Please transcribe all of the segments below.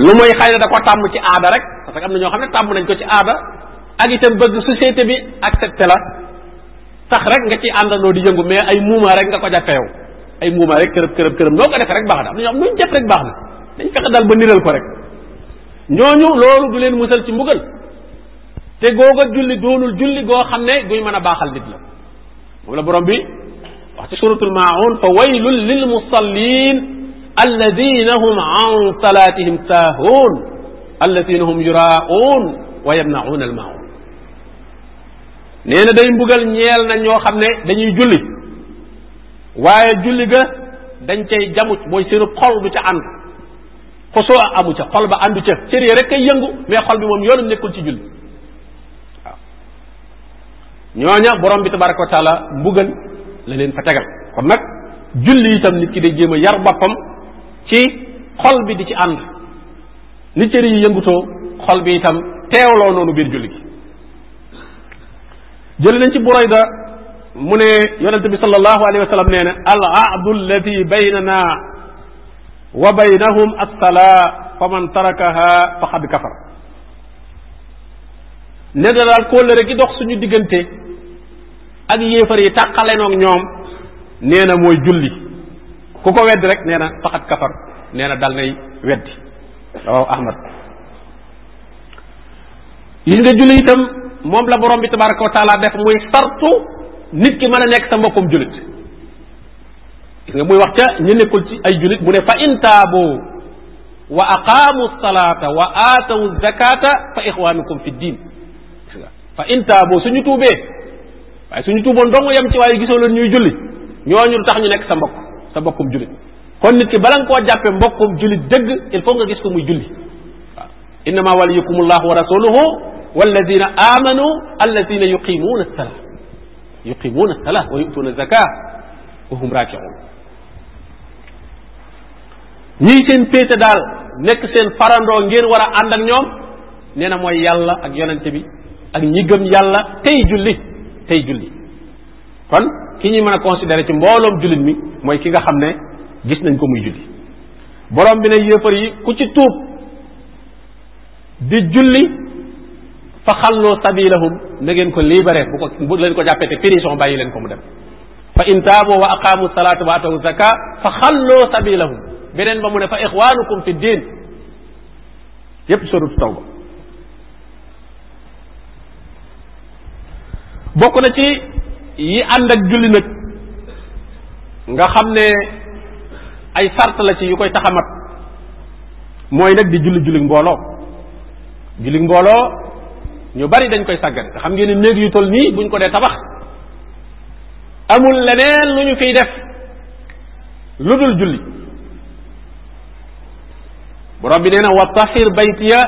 lu mooy xëy na da ko tàmm ci aada rek parce que am na ñoo xam ne tàmm nañ ko ci aada ak itam bëgg société bi accepté la sax rek nga ci àndandoo di yëngu mais ay muuma rek nga ko jàppeew ay muuma rek kërëb kërëb kërëb noo ko defee rek baax na am na ñoo xam nuñ def rek baax na dañ fexe dal ba niral ko rek ñooñu loolu du leen musal ci mbugal te googa julli doonul julli goo xam ne guy mën a baaxal nit la moom la borom bi wax ci suratul maun fa alladina hum an salatihim saahuun alladina hum yuraauun wa yamnauun al maun nee na day mbugal ñeel na ñoo xam ne dañuy julli waaye julli ga dañ cay jamuj mooy seen xol du ca ànd xosoo amu ca xol ba àndu ca cër yi rek kay yëngu mais xol bi moom yoonam nekkul ci julli waaw ñooña borom bi tabaraka wa taala mbugal la leen fa tegal kon nag julli itam nit ki day jéem a yar boppam ci xol bi di ci ànd ni cër yi yëngutoo xol bi itam teewloo noonu biir julli gi jëli nañ ci da mu ne yonente bi sallallahu alayhi wa sallam nee na al ahdu alladi baynana na daal kóllëre gi dox suñu diggante ak yéefar yi tàqalenoog ñoom nee na mooy julli ku ko weddi rek nee na faxat kafar nee na dal nay weddi rawaw ahmad gis nga julli itam moom la borom bi tabaraka wa taala def muy sartu nit ki mën a nekk sa mbokkum jullit gis nga muy wax ca ñu nekkul ci ay jullit mu ne fa in taabu wa aqaamu salaata wa aatawu zakata fa ixwaanukum fi diin gis nga fa in taabu suñu tuubee waaye suñu ci waaye gisoo leen ñuy julli ñooñu tax ñu nekk sa mbokk sa mbokkum julit kon nit koo jàppee mbokkum julit dëgg il faut nga gis ko muy julli waaw innama waliyukum allahu wa rasuluhu walladina amanu alladina yuqimuna alsala wa yu'tuuna zaka wa hum raaki'un ñii seen péete daal nekk seen farandoo ngeen war a ànd ñoom nee mooy yàlla ak yonente bi ak ñi gëm yàlla tey julli kon ki ñuy mën a considérer ci mbooloom jullit mi mooy ki nga xam ne gis nañ ko muy julli borom bi ne yéefar yi ku ci tuub di julli fa xalloo sabilahum na ngeen ko libéré bu ko bu leen ko jàppee te prison bàyyi leen ko mu dem fa in taaboo wa aqaamu salaata wa atawu zaka fa xalloo sabilahum beneen ba mu ne fa ixwaanukum fi diin yépp sorut tawba bokk na ci yi ànd ak julli nag nga xam ne ay sart la ci yu koy taxamat mooy nag di julli julli mbooloo julli mbooloo ñu bari dañ koy sàggan nga xam ngeen ne néeg yu toll nii buñ ko dee tabax amul leneen lu ñu fiy def lu dul julli borom bi nee na wa tahir baytiya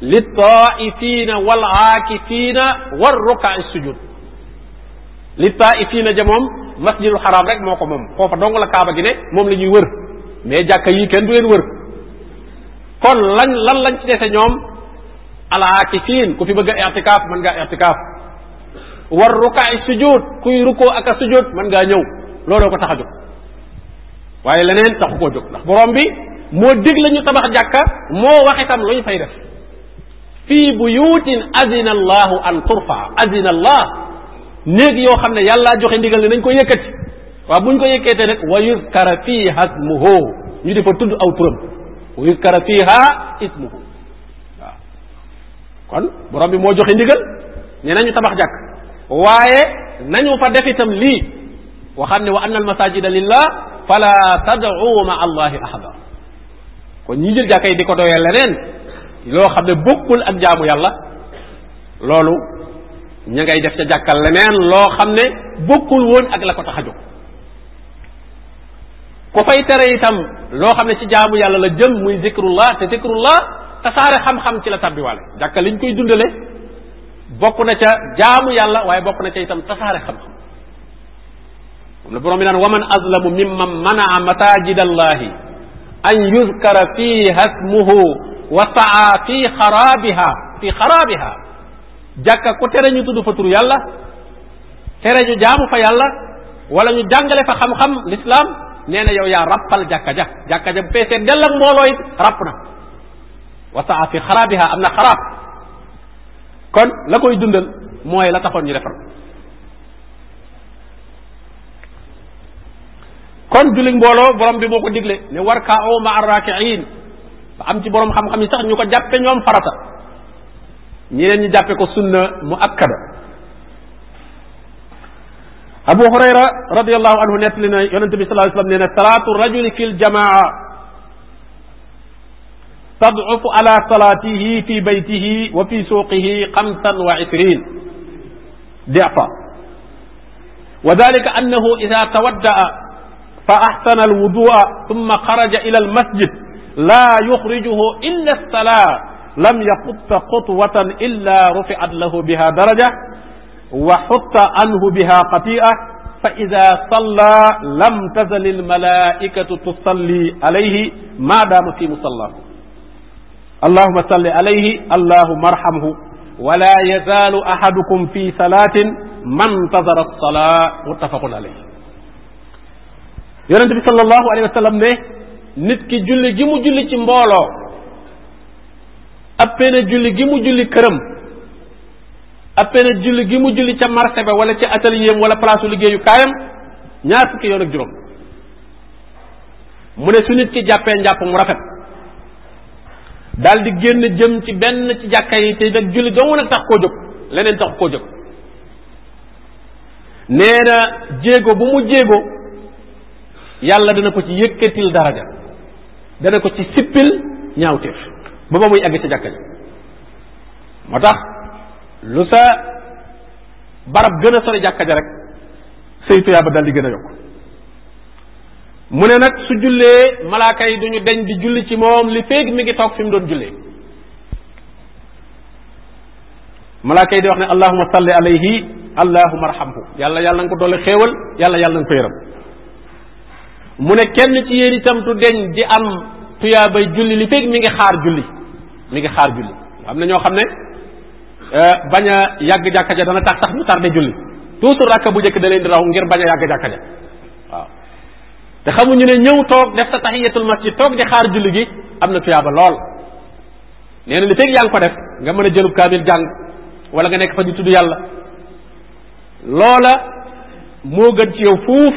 li taaifina wal aakifina war rukaa sujud li taa'ifiina ja moom masjidul xaraam rek moo ko moom foofa dong la kaaba gi ne moom la ñuy wër mais jàkka yi kenn du leen wër kon lan lan lañ ci dese ñoom alaakifiin ku fi bëgg a i'tikaaf mën ga i'tikaaf war rukaa sujud kuy rukoo ak sujud mën ngaa ñëw looloo ko tax a jóg waaye leneen taxu koo jóg ndax borom bi moo dig la ñu tabax jàkka moo wax itam lu ñu fay fii buyutin azina allahu an turfa azina allah néeg yoo xam ne yàllaa joxe ndigal ne nañ ko yëkkati waaw buñ ko yëkkatee nag wa yuskara fiiha ismuhu ñu di fa tudd aw turam wa yuskara fiiha ismuhu waaw kon borom bi moo joxe ndigal ne nañu tabax jàkk waaye nañu fa def itam lii waxam ne wa anna al masajida lillah fala tad'u ma allahi ahada kon ñu jël jàkka yi di ko doyee leneen loo xam ne bokkul ak jaamu yàlla loolu ña ngay def ca jàkkal leneen loo xam ne bokkul woon ak la ko tax a jóg ku fay tere itam loo xam ne ci jaamu yàlla la jëm muy zikrullah te zikrullah tasaare xam-xam ci la tàbbiwaale jàkka liñ koy dundale bokk na ca jaamu yàlla waaye bokk na ca itam tasaare xam-xam moom la borom bi naan waman azlamu mimman manaa masaajidallahi an yuzkara fiha ismuhu wa saa fi xaraabiha fi xaraabiha jàkka ku tere ñu tudd fa turu yàlla tere ñu jaamu fa yàlla wala ñu jàngale fa xam-xam l'islam nee na yow yaa rappal jàkka ja jàkka ja bu feesee dell ak mbooloo it rapp na wasaa fi xaraabiha am na xaraab kon la koy dundal mooy la taxoon ñu defar kon jullit mbooloo borom bi moo ko digle ne war kaa o ma arrakiin ba am ci borom xam-xam yi sax ñu ko jàppe ñoom farata ñeneen ñi jàppe ko sunna mu akkada abu hurayra radiallahu anhu nettali na yonente bi sallallahu alayhi wasallam nee na salaatu rajuli fil jamaa tad'ufu ala salaatihi fi baytihi wa fi suuqihi xamsan wa ishrin di'fa wa dalika annahu ida tawadda'a fa ahsana alwudu'a thumma xaraja ila almasjid la yuxrijuhu illa as-salaat lam yaxutta xutwatan illa rufiat lahu biha daraja wa xutta anhu biha xatia fa ida salla lam tazal almalaikatu tusalli alayhi maadaama fi musallahu allahuma salli alayhi allahuma arhamhu wala yazaalu ahadukum fi salaatin man tazara salaa muttafaqun alayhi yonente bi sallallahu alayhi wa sallam ne nit ki julli gi mu julli ci mbooloo appee na julli gi mu julli këram appee na julli gi mu julli ca marché ba wala ca atelier wala place liggéeyu kaayam ñaar fukki yoon ak juróom mu ne su nit ki jàppee njàpp mu rafet dal di génn jëm ci benn ci jàkka yi te nag julli dong nag tax koo jóg leneen tax koo jóg nee na jéego bu mu jéego yàlla dana ko ci yëkkatil daraja dana ko ci sippil ñaawteef ba ba muy egg ci jàkka ji moo tax lu sa barab gën a sori jàkka ja rek say tuyaaba dal di gën a yokk mu ne nag su jullee malaaka yi duñu deñ di julli ci moom li féeg mi ngi toog fi mu doon jullee malaaka yi di wax ne allahuma salli alayhi allahuma arhamhu yàlla yàlla nga ko doole xéewal yàlla yàlla nga ko yëram mu ne kenn ci yéen itam du deñ di am tuyaabay julli li féeg mi ngi xaar julli mi ngi xaar julli am na ñoo xam ne euh, bañ a yàgg jàkka ja dana tax sax ñu tardé julli tuuti rakka bu njëkk da leen ngir bañ a yàgg jàkka ja waaw te xamuñu ne ñëw toog def sa tahiyatul masjid toog di xaar julli gi am na tuyaaba lool nee na li fekk yaa ko def nga mën a jëlub kaamil jàng wala nga nekk fa di tudd yàlla loola moo gën ci yow fuuf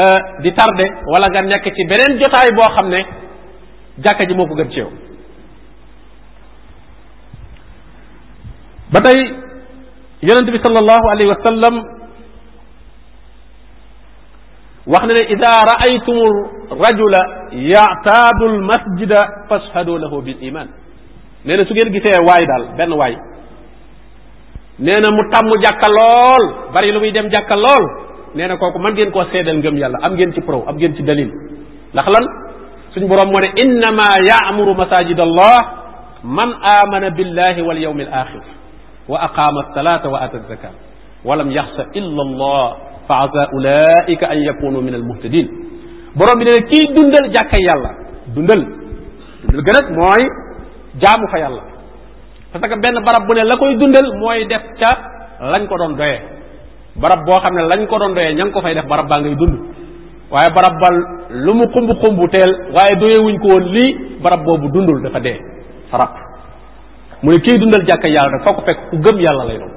euh, di tarde wala nga nekk ci beneen jotaay boo xam ne jàkka ji moo ko gën ci yow ba tey yonente bi sallallahu alayhi wa sallam wax ne ne ida raaytum rajula yaataadu almasjida fashhadu lahu bil iman nee na su ngeen gisee waay daal benn waay nee na mu tàmm jàkka lool bari lu muy dem jàkka lool nee na kooku mën ngeen koo seedal ngëm yàlla am ngeen ci pro am ngeen ci dalil ndax lan suñ boroom moo ne innama yaamuru masajid allah man amana billahi wal yawmil axir wa aqaama alsalata wa ata zaka walam yaxsa illa allah fa asa ulaika an yakunu min almuhtadin borom bi ne kii dundal jàkkay yàlla dundal dundal gën mooy jaamu fa yàlla parce que benn barab bu ne la koy dundal mooy def ca lañ ko doon doyee barab boo xam ne lañ ko doon doyee ña ngi ko fay def barab baa ngay dund waaye barab ba lu mu xumb xumb teel waaye doyewuñ ko woon lii barab boobu dundul dafa dee farab mu ne kiy dundal jàkka yàlla nag foo ko fekk ku gëm yàlla lay doon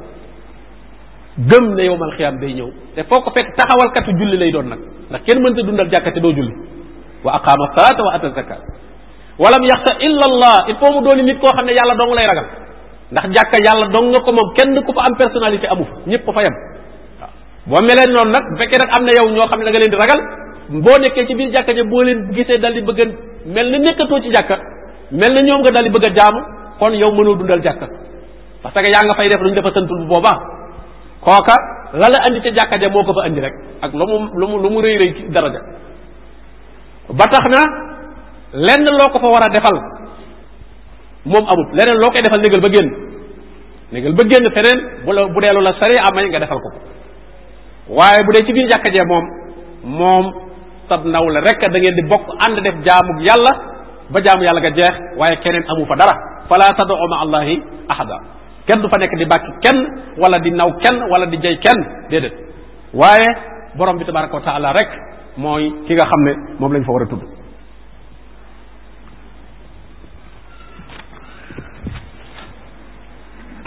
gëm ne yowmal xiyaam day ñëw te foo ko fekk taxawalkatu julli lay doon nag ndax kenn mënta dundal jàkka te doo julli wa aqaama salaata wa ata zakat walam yaxsa illa allah il faut mu dooni nit koo xam ne yàlla dong lay ragal ndax jàkka yàlla dong nga ko moom kenn ku fa am personnalité amu fa ñëpp fa yem waaw boo meleen noonu nag bu fekkee nag am na yow ñoo xam ne da nga leen di ragal boo ci biir jàkka boo leen gisee dal di bëgg mel na nekkatoo ci jàkka mel na ñoom nga dal bëgg a jaamu kon yow mënoo dundal jàkka parce que yaa nga fay def lu ñu dafa santul bu boobaa kooka la la andi ca moo ko fa andi rek ak lu mu lu lu mu rëy rëy ci daraja ba tax na lenn loo ko fa war a defal moom amut leneen loo koy defal négal ba génn négal ba génn feneen bu bu deelu la sari amay defal ko waaye bu dee ci biir jàkka moom moom sab ndaw la rek da ngeen di bokk ànd def jaamug yàlla ba jaamu yàlla nga jeex waaye keneen amu fa dara fala tad'u ma allahi ahada kenn du fa nekk di bàkk kenn wala di naw kenn wala di jay kenn déedéet waaye borom bi tabaraka wa taala rek mooy ki nga xam ne moom lañ fa war a tudd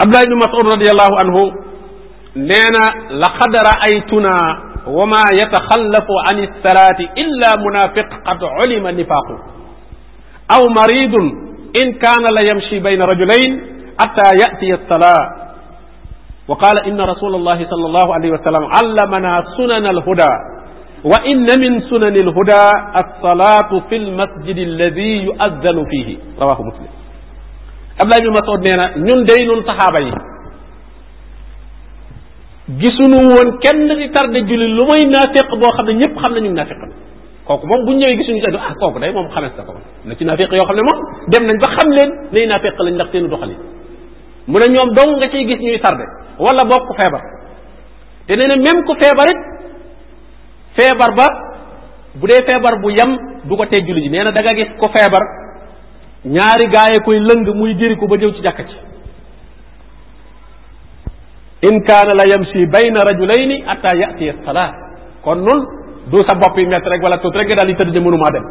abdullah ibnu mas'ud radiallahu anhu nee na laqad ra'aytuna wa ma yataxallafu an salaati illa munafiq qad ulima aw maridun in kaana la yamshi bayna rajulayn xata yatiya salaa wa qaala inna rasula allahi sal allahu alayhi wa sallam allamana sunan alhuda wa inna min sunani alhuda alsalatu fi lmasjidi alladi yuaddanu fihi rawahu muslim Ablaye bi Masoud nee na ñun day nun saxaaba yi gisuñu woon kenn di tarde julli lu mooy naafiq boo xam ne ñëpp xam nañu naafiq la kooku moom bu ñu ñëwee gisuñu te ah kooku day moom xames na ko na ci naafeq yoo xam ne moom dem nañ ba xam leen nay naafeq lañ ndax seenu doxalin mu ne ñoom dong nga ciy gis ñuy tardé wala bokk feebar te nee na même ko feebar it feebar ba bu dee feebar bu yam du ko tee julli ji nee na da nga gis ko feebar ñaari gaaye koy lëng muy jëri ko ba ñëw ci jàkka ci in kaana la yamshi bayna rajulayni atta yatiya salaa kon nun du sa bopp yi métti rek wala tuut rek nga daal di tëdd ne mënumaa dem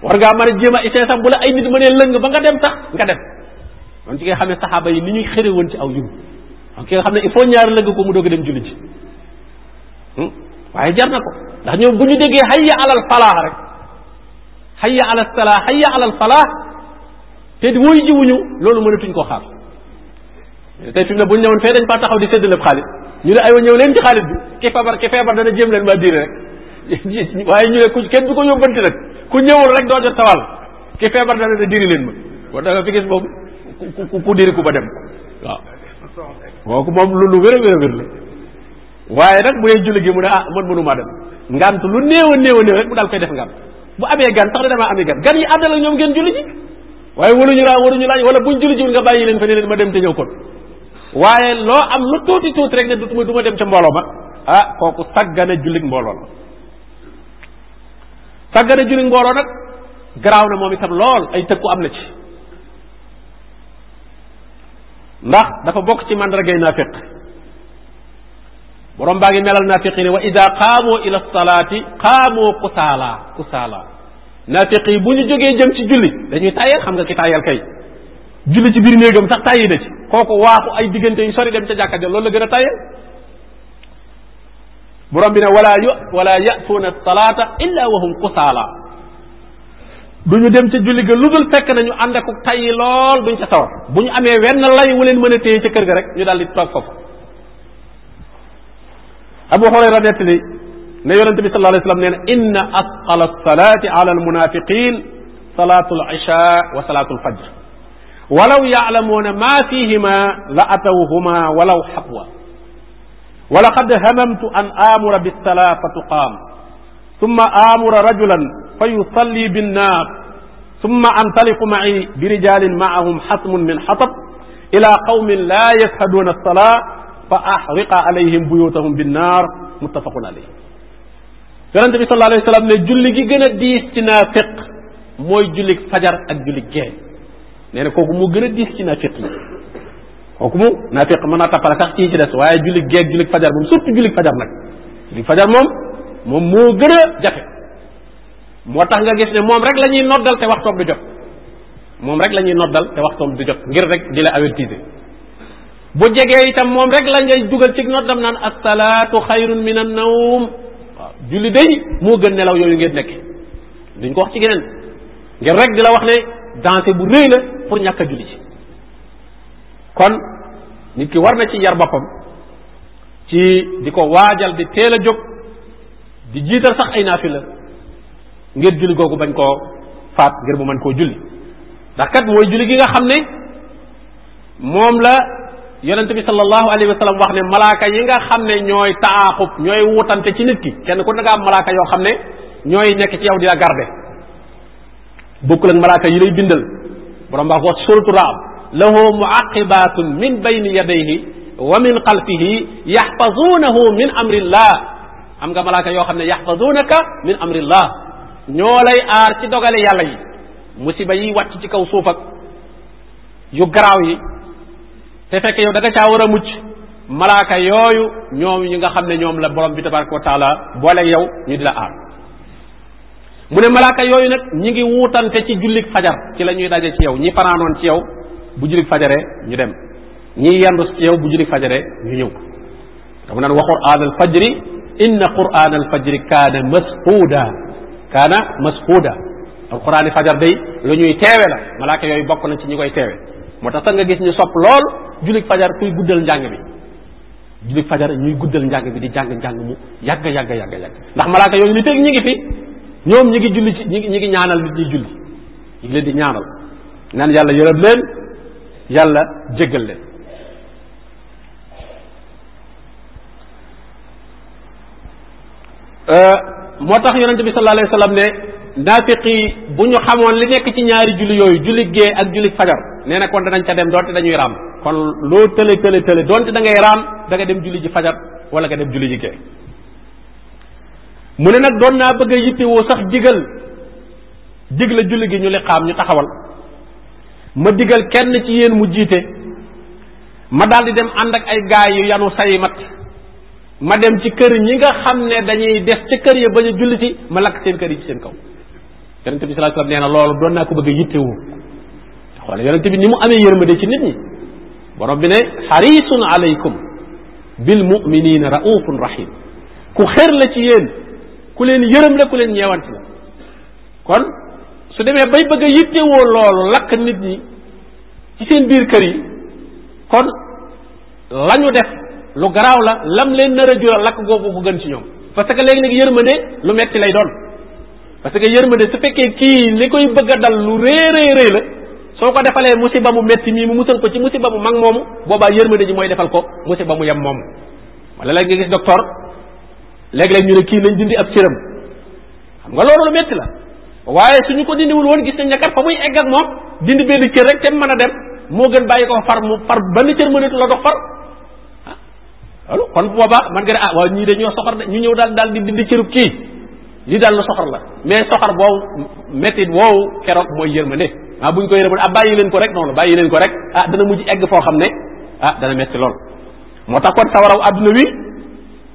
waaw war ngaa mën a jéem a essayé sax bu la ay nit mënee lëng ba nga dem sax nga dem loolu ci nga xam ne saxaaba yi ni ñuy xëre woon ci aw yiw ak ki nga ne il faut ñaari lëng ko mu doog a dem julli ji hmm? waaye jar na ko ndax ñoom bu ñu déggee hayya alal falaax rek hayya alal salaax hayya alal falaax te woy jiwuñu loolu mënatuñ koo xaar tey fi ne bu ñu ñëwoon fee dañ faa taxaw di séddale xaalis ñu ne aywa ñëw leen ci xaalis bi ki feebar ki feebar dana jéem leen maa diine rek waaye ñu ne ku kenn du ko yóbbanti nag ku ñëwul rek doo jot tawal ki feebar dana ne diri leen ma war da nga boobu ku ku diri ku ba dem waaw kooku moom lu lu wér a wér la waaye nag bu dee julli gi mu ne ah man mënumaa dem ngant lu néew a néew a mu daal koy def ngant bu amee gan tax na damaa amee gan gan yi àndal ak ñoom ngeen julli ji waaye waruñu raa waruñu laaj wala buñ julli jiwul nga bàyyi leen fa leen ma dem te ñëw kon waaye loo am lu tuuti tuuti rek ne du du ma dem ca mbooloo ma ah kooku saggane jullit mbooloo la sàggane julli mbooloo nag garaaw na moom itam lool ay tëkku am na ci ndax dafa bokk ci gay naafiq borom baa ngi melal naafiqi ne wa ida qaamoo ila salaati qaamoo kusaala kusaala naafiq yi bu ñu jógee jëm ci julli dañuy tàyyeel xam nga ki tàyyeel kay julli ci biir néegam sax tàyyi na ci kooku waaxu ay diggante yu sori dem ca jàkka ja loolu la gën a tàyyeel borom bi ne wala yu wala yatuuna salaata illa wahum kusaala du ñu dem ca julli ga lu dul fekk nañu ànd ak tayyi lool duñ ca sawar bu ñu amee wenn lay wu leen mën a téye ca kër ga rek ñu daal di toog foofu abu xurayra nettali ne yonente bi sallallahu alayhi wa sallam nee na inna asqala salaati ala almunafiqin salaatu lisha wa salaatu lfajr walaw yaalamuuna ma fihima la atawhuma walaw xatwa wala xad hamamtu an aamura bisalaa fa tuqaam summa aamura rajulan fa yusalli binnaas summa antaliqu maci bi rijaalin maahum xatmun min xatab ila qawmin laa yashhaduuna alsalaa fa axriqa alayhim buyutahum binnaar muttafaqun alayh yonente bi sallallahu alayhi wa sallam ne julli gi gën a diis ci naafiq mooy jullig fajar ak jullig gee nee na kooku moo gën a diis ci naafiq yi kooku mu naa fekk mën naa tappale sax ci ci des waaye julli geeg julli fajar moom surtout julli fajar nag julli fajar moom moom moo gën a jafe moo tax nga gis ne moom rek la ñuy noddal te wax waxtoom du jot moom rek la ñuy noddal te wax waxtoom du jot ngir rek di la avertiser bu jegee itam moom rek la ngay dugal ci noddam naan asalaatu xayrun min an nawm waaw julli day moo gën nelaw yooyu ngeen nekk duñ ko wax ci geneen ngir rek di la ne danse bu rëy la pour ñàkk a julli kon nit ki war na ci yar boppam ci di ko waajal di teel a jóg di jiital sax ay naafila ngir julli googu bañ koo faat ngir mu mën koo julli ndax kat mooy julli gi nga xam ne moom la yonent bi sallallahu alayhi wa sallam wax ne malaaka yi nga xam ne ñooy taaxub ñooy wutante ci nit ki kenn ku ne nga am malaaka yoo xam ne ñooy nekk ci yow di la garde bokkul ak malaaka yi lay bindal borom baax wax suratul raam lahu muaqibatun min bayni yadayhi wa min xalfihi yaxfazuunahu min amrillah am nga malaaka yoo xam ne yaxfazuunaka min amrillah ñoo lay aar ci dogale yàlla yi musiba yi wàcc ci kaw suuf yu garaaw yi te fekk yow da nga war a mujj malaaka yooyu ñoom yi nga xam ne ñoom la borom bi tabaraka wa taala boole yow ñu di la aar mu ne malaaka yooyu nag ñi ngi wuutante ci jullik fajar ci lañuy daje ci yow ñi fanaanoon ci yow bu julli fajare ñu dem ñiy yandu ci yow bu julli fajare ñu ñëw dama nan wa qur'aan al fajri inna qur'aan al fajri kaana masquuda kaana masquuda al qur'aan fajar day lu ñuy teewe la malaaka yooyu bokk na ci ñi koy teewe moo tax sax nga gis ñu sopp lool julli fajar kuy guddal njàng bi julli fajar ñuy guddal njàng bi di jàng njàng mu yàgg yàgg yàgg yàgg ndax malaaka yooyu li teg ñi ngi fi ñoom ñi ngi julli ci ngi ñaanal nit julli ñi leen di ñaanal yàlla jéggal leen euh, moo tax yonente bi sallallahu alayhi wasallam ne naafiq yi bu ñu xamoon li nekk ci ñaari julli yooyu julli gée ak julli fajar nee na kon danañ ca dem doonte dañuy raam kon loo tële tële tële doonte dangay raam da dem julli ji fajar wala nga dem julli ji gée mu ne nag doon naa bëgg a yittewoo sax digal dig la julli gi ñu li ñu taxawal ma digal kenn ci yéen mu jiite ma daldi dem ànd ak ay gaay yu yanu say mat ma dem ci kër ñi nga xam ne dañuy des ci kër ya bañ a julliti ma lakk seen kër yi ci seen kaw yonente bi sallallahu alayhi nee na loolu doon naa ko bëgg a yittewoo xool yonente ni mu amee yërmande ci nit ñi borom bi ne xarisun alaykum bil muminina raufun rahim ku xër la ci yéen ku leen yërëm la ku leen ñeewant la kon su demee bay bëgg a yittewoo loolu lakk nit ñi ci seen biir kër yi kon lañu def lu garaaw la lam leen nar a lakk googu ko gën ci ñoom parce que léegi nag yërmande lu metti lay doon parce que yërmande su fekkee kii li koy bëgg dal lu rëy rëy rëy la soo ko defalee musiba mu metti mii mu musal ko ci musiba mu mag moomu boobaa yërmande ji mooy defal ko musiba mu yem moomu wala léegi nga gis docteur léegi-léeg ñu ne kii lañ dindi ab cëram xam nga loolu lu metti la waaye ñu ko dindiwul woon gis nañ ne kat fa muy egg ak moom dindi benn cër rek te mën a dem moo gën bàyyi ko far mu far benn cër mënatu la dox far ah kon booba man nga ne ah waaw ñii dañoo soxor de ñu ñëw daal daal di dindi cërub kii li daal lu soxor la mais soxor boobu métti woowu keroog mooy yërmande ah buñ ko yërmande ah bàyyi leen ko rek noonu bàyyi leen ko rek ah dana mujj egg foo xam ne ah dana métti lool moo tax kon sawaraw àdduna wi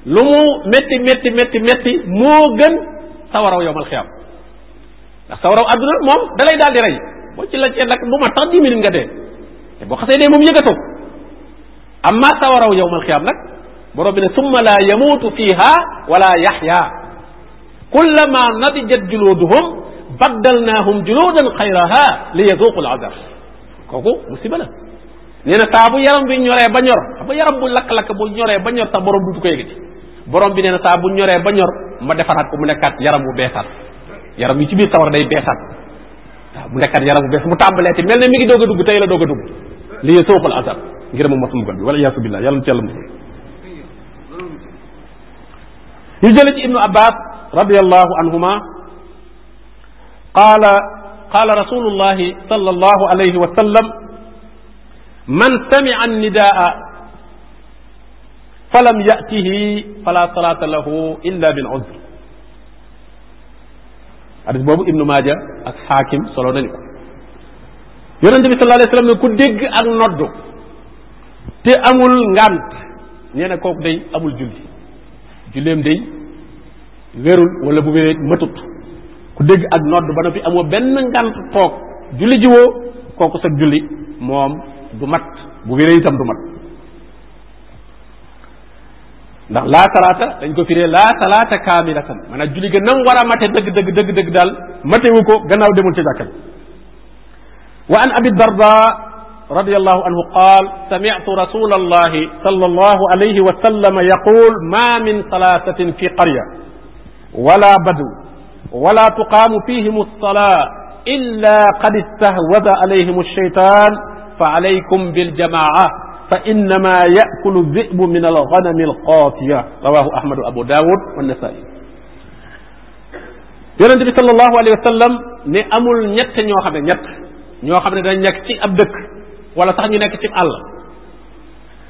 lu mu métti métti métti métti moo gën sawaraw yowmal xiyam ndax sawaraw àdduna moom dalay daal di rey boo ci lancee lakk bu ma tax dix minutes nga dee te boo xasee dee moom yëgatoo amma sawaraw yowmal xiyaam nag borom bi ne summa laa yamuutu fiiha wala yaxya kullama nadijat juluuduhum baddalnaahum juluudan xayraha li yazuqu alazab kooku musiba la nee na saa bu yaram bi ñoree ba ñor xam nga yaram bu lakk-lakk bu ñoree ba ñor sax borom duutu ko yëgati borom bi nee na saa bu ñoree ba ñor ma defaraat ko mu nekkaat yaram bu beesaat yaram yi ci biir sawar day beesaat waaw bu nekkaat yaram bu bees mu tàmbalee te mel ne mi ngi doog a dugg tey la doog a dugg lii sooxul asar ngir mu mos mbugal bi wala yaasu billah yàlla ci yàlla mosul ñu jële ci ibnu abbas radiallahu anhuma qaala qaala rasulullahi sallallahu alayhi wa sallam man sami'a nidaa falam yatihi fala salata lahu illa bil uzr xadis boobu ibnu maaja ak xaakim solo nañu ko bi sallallahu alayhi wasallam ku dégg ak noddu te amul ngànt nee na kooku amul julli julleem day wérul wala bu wéree matut ku dégg ak nodd ba noppi amoo benn ngànt toog julli jiwoo kooku sag julli moom du mat bu wéree du mat ndax laa salaata dañ ko firee laa salaata kaamilatan maanaam julli ga nam war a mate dëgg dëgg dëgg dëgg daal matewu ko gannaaw demul ca jàkka wa an abi darda radiyallahu anhu qaal sami'tu rasulallahi sallallahu alayhi wa sallam yaqul ma min salaasatin fi qarya wala badu wala tuqaamu fihim as-salaa illa qad istahwada alayhim ash-shaytaan fa alaykum bil jamaa'a fa innama yakulu dhi'bu min alganami alqaatiya rawahu ahmadu abu daawud wa nasaa'i yonente bi sallallahu alayhi wa sallam ne amul ñett ñoo xam ne ñett ñoo xam ne dañ nekk ci ab dëkk wala sax ñu nekk ci àll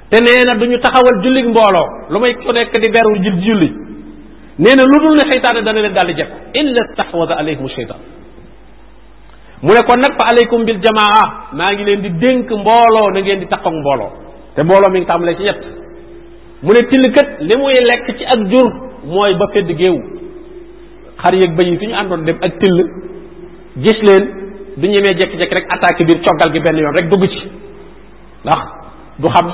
te nee na duñu taxawal jullig mbooloo lu may ko nekk di beru jul julli nee na lu dul ne seytaane dana leen daal di jekk illa stahwada alayhim seytaan mu ne kon nag fa aleykum bil jamaa maa ngi leen di dénk mbooloo na ngeen di taqoog mbooloo te mbooloo mi ngi tàmbalee ci ñett mu ne till kat li muy lekk ci ak jur mooy ba fedd géew xar yëg bëy yi fi ñu àndoon dem ak till gis leen du ñemee jekki-jekki rek attaque biir coggal gi benn yoon rek dugg ci ndax du xam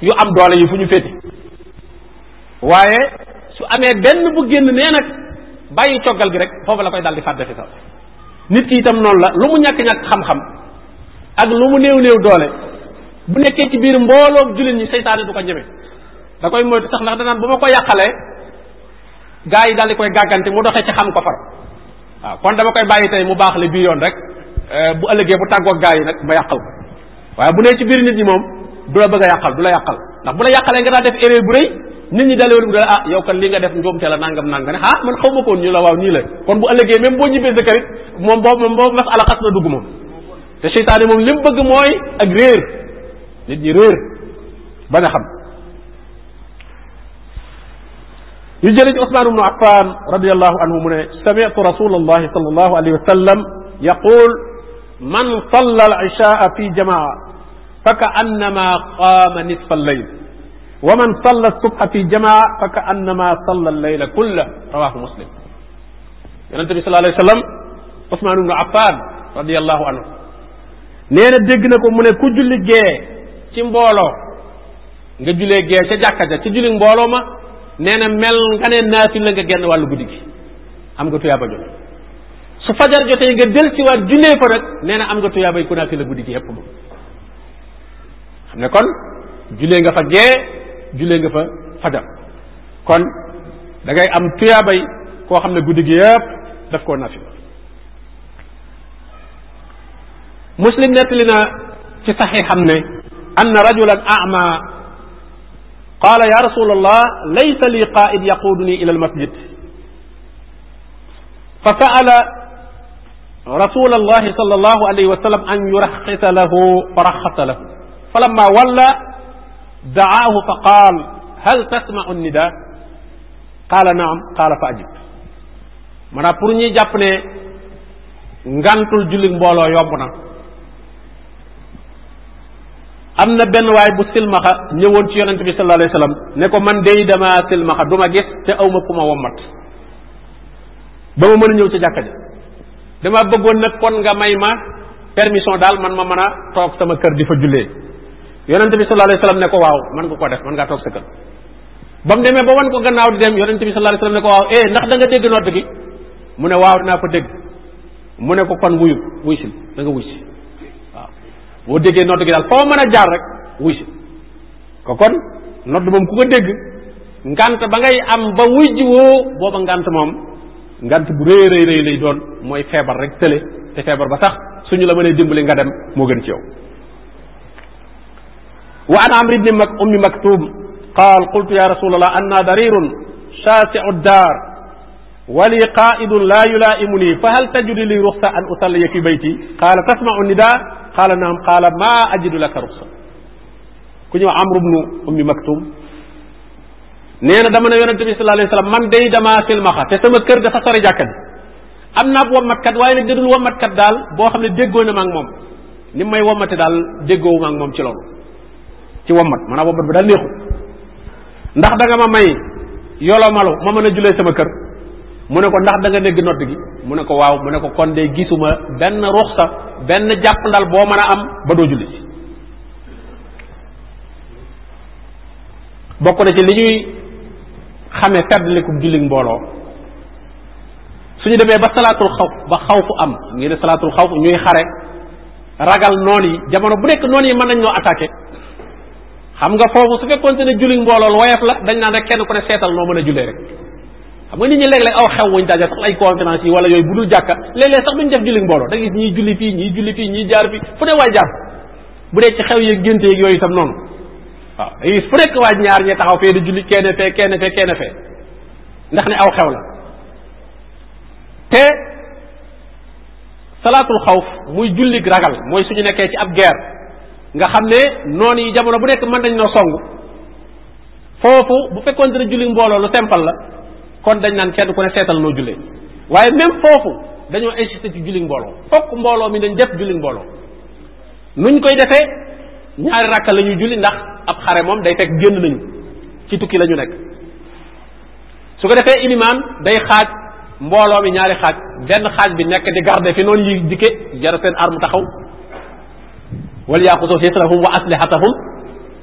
yu am doole yi fu ñu féete waaye su amee benn bu génn nee nag bàyyi coggal gi rek foofu la koy dal di fàtte fi sax nit ki itam noonu la lu mu ñàkk-ñàkk xam-xam ak lu mu néew néew doole bu nekkee ci biir mbooloo jullit ñi seytaane du ko ñeme da koy moytu sax ndax danaan bu ma ko yàqalee gaa yi daal di koy gàggante mu doxee ci xam ko far waaw kon dama koy bàyyi tey mu baax la bii yoon rek euh, bu ëllëgee bu tàggoog gaa yi nag ma yàqal ko waaye bu nee ci biir nit ñi moom du la bëgg a yàqal du la yàqal ndax bu la yàqalee nga daa def erreur bu rëy nit ñi dalee wala ah yow kan li nga def njuumte la nangam nangam ne ah man xaw ma ko la waaw nii kon bu ëllëgee même boo ñibbee sa kërit moom boobu moom boobu mas ala xas na dugg moom te moom li mu mooy ak réer nit ñi réer bañ a xam ñu jëlee ci Usmaan ibnu Affaan radiallahu anhu mu ne samitu rasul allahi sal allahu alayhi wa sallam yaqul man salla al ishaa fi jamaa fa ka annama qaama nisfa alleyl wa man salla subha fi jamaa fa ka annama salla alleyla kulla rawahu muslim yonente bi sallallahu alayhi wa sallam Usmaan ibnu Affaan radiallahu anhu nee na dégg na ko mu ne ku julli gee ci mbooloo nga julee gee ca jàkka ja ci julli mbooloo ma nee na mel nga ne naafil la nga genn wàllu guddi gi am nga tuyaaba jot su fajar jotee nga del ci waat julee fa nag am nga tuyaabay la guddi gi yépp ne kon julee nga fa gee julee nga fa fajar kon dangay am tuyaabay koo xam ne guddi gi yépp daf koo naafil muslim nettali na ci saxi xam ne anna rajulan ama qaala ya rasul allah laysa li qaid yaquduni ila almasjid fa saala rasul allahi sal allahu alayhi wa sallam an yuraxisa lahu fa raxasa lahu fa lamma walla daahu fa qaal hal tasmau nnida qaala naam qaala fa ajib maanaam pour ñuy jàpp ne ngantul julli mbooloo yomb na am na benn waay bu silmaxa ñëwoon ci yonente bi sallallahu alayhi wasallam ne ko man day damaa silmaxa du ma gis te awma ku ma wommat ba ma mën a ñëw ci jàkka ja dama bëggoon nag kon nga may ma permission daal man ma mën a toog sama kër di fa jullee yonente bi sallallahu alayhi wasallam ne ko waaw man nga ko def mën ngaa toog sa kër ba mu demee ba wan ko gannaaw di dem yonente bi sallallahu alayhi wasallam ne ko waaw eh ndax da nga dégg nodd gi mu ne waaw dinaa ko dégg ne ko kon wuyu wuy si da boo déggee nodd gi daal foo mën a jaar rek wuy si ko kon nodd moom ku ko dégg ngant ba ngay am ba wuy ji woo booba ngant moom ngant bu rëy rëy rëy doon mooy feebar rek tële te feebar ba sax suñu la mënee dimbali nga dem moo gën ci yow wa an amr ibni mak maktub qaal qultu ya rasulallah anna darirun shaasiu daar wali qaidun la yulaaimuni fa hal tajudi li ruxsa an usalliya fi bayti qaala tasmau nida qaala naam qaala maa ajidu laka ruxsa ku ñëw amru bnu ummi maktum nee na dama ne yonente a sallallahu alayhi wasallam man day damaa silmaxa te sama kër dafa sori jàkka am naa ab wammatkat waaye nag dadul wammatkat daal boo xam ne déggoo na ma ak moom ni may wammate daal déggoowu moom ci loolu ci wammat maanaam wammat bi daal neexul ndax da ma may yolomalu ma mën a julee sama kër mu ne ko ndax da nga dégg nodd gi mu ne ko waaw mu ne ko kon de gisuma benn ruxsa benn jàppandal boo mën a am ba doo julli ci bokk na ci li ñuy xamee feddalikum julli mbooloo ñu demee ba salaatul xawf ba xaw xawfu am ngi ne salaatul xawf ñuy xare ragal noon yi jamono bu nekk noon yi mën nañ ñoo attaqué xam nga foofu su fekkoonte ne julli mbooloo lu woyof la dañ naan rek kenn ku ne seetal noo mën a jullee rek xam nga nit ñi léeg-léeg aw xew wuñ daje sax ay conférence yi wala yooyu bu dul jàkka léeg-léeg sax duñ def julli mbooloo da gis ñiy julli fii ñiy julli jaar fii fu ne waay jaar bu dee ci xew yeeg génte yeeg yooyu itam noonu waaw da gis fu nekk waaj ñaar ñi taxaw fee di julli kenn fee kenn fee kenn fee ndax ne aw xew la te salaatul xawf muy jullig ragal mooy suñu nekkee ci ab guerre nga xam ne noonu yi jamono bu nekk mën nañ noo song foofu bu fekkoon dina julli mbooloo lu simple la kon dañ naan kenn ku ne seetal noo jullee waaye même foofu dañoo insister ci julli mbooloo fokk mbooloo mi dañ def julli mbooloo nuñ koy defee ñaari rakka lañuy ñuy julli ndax ab xare moom day fekk génn nañu ci tukki lañu ñu nekk su ko defee ilimaan day xaaj mbooloo mi ñaari xaaj benn xaaj bi nekk di garde fi noonu yi dikke jara seen arme taxaw wala yaaxuso fiislahum wa aslihatahum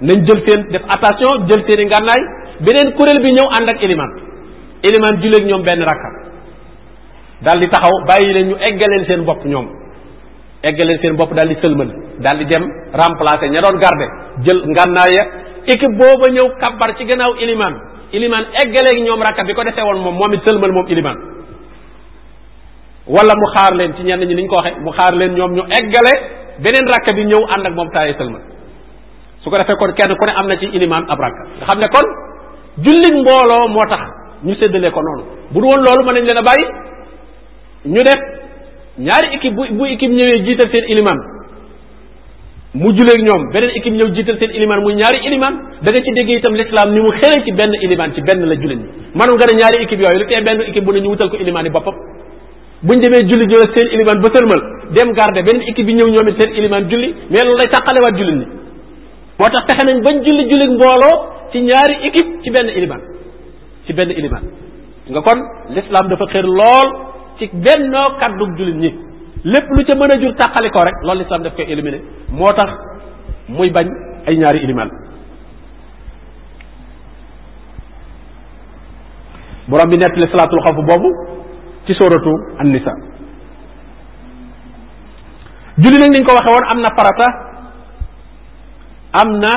nañ jël seen def attention jël seen i ngànnaay beneen kuréel bi ñëw ànd ak ilimaan ilimaan juleeg ñoom benn rakka daal di taxaw bàyyi leen ñu eggaleen seen bopp ñoom eggaleen seen bopp daal di sëlmal daal di dem remplacer ña doon garder jël ngànnaaya équipe booba ñëw kabbar ci gannaaw ilimaan ilimaan eggaleeg ñoom rakka bi ko defee woon moom moom it sëlmal moom ilimaan wala mu xaar leen ci ñenn ñi ni ko waxee mu xaar leen ñoom ñu eggale beneen rakka bi ñëw ànd ak moom taaye sëlmal su ko defee kon kenn ku ne am na ci ilimaan ab rakka moo tax ñu seddalee ko noonu bu du woon loolu ma nañ leen a bàyyi ñu def ñaari équipe bu bu équipe ñëwee jiital seen iliman mu juleeg ñoom beneen équipe ñëw jiital seen iliman muy ñaari iliman da nga ci déggee itam l'islam ni mu xëree ci benn iliman ci benn la juleen ñi maanaam nga ñaari équipe yooyu lu tee benn équipe bu ne ñu wutal ko iliman yi boppam buñ demee julli jël seen iliman ba dem garde beneen équipe bi ñëw ñoom it seen iliman julli mais loolu lay tàqalewaat jullit ñi moo tax fexe nañ bañ julli julli mbooloo ci ñaari équipe ci benn iliman ci benn iliman nga kon lislaam dafa xër lool ci bennoo kàddu jullit ñi lépp lu ci mën a jur tàqalikoo rek loolu l'islam daf koy éliminer moo tax muy bañ ay ñaari iliman borom bi nettali salaatul xawf boobu ci sóoratu an-nisa julli nag niñ ko waxe am na farata am na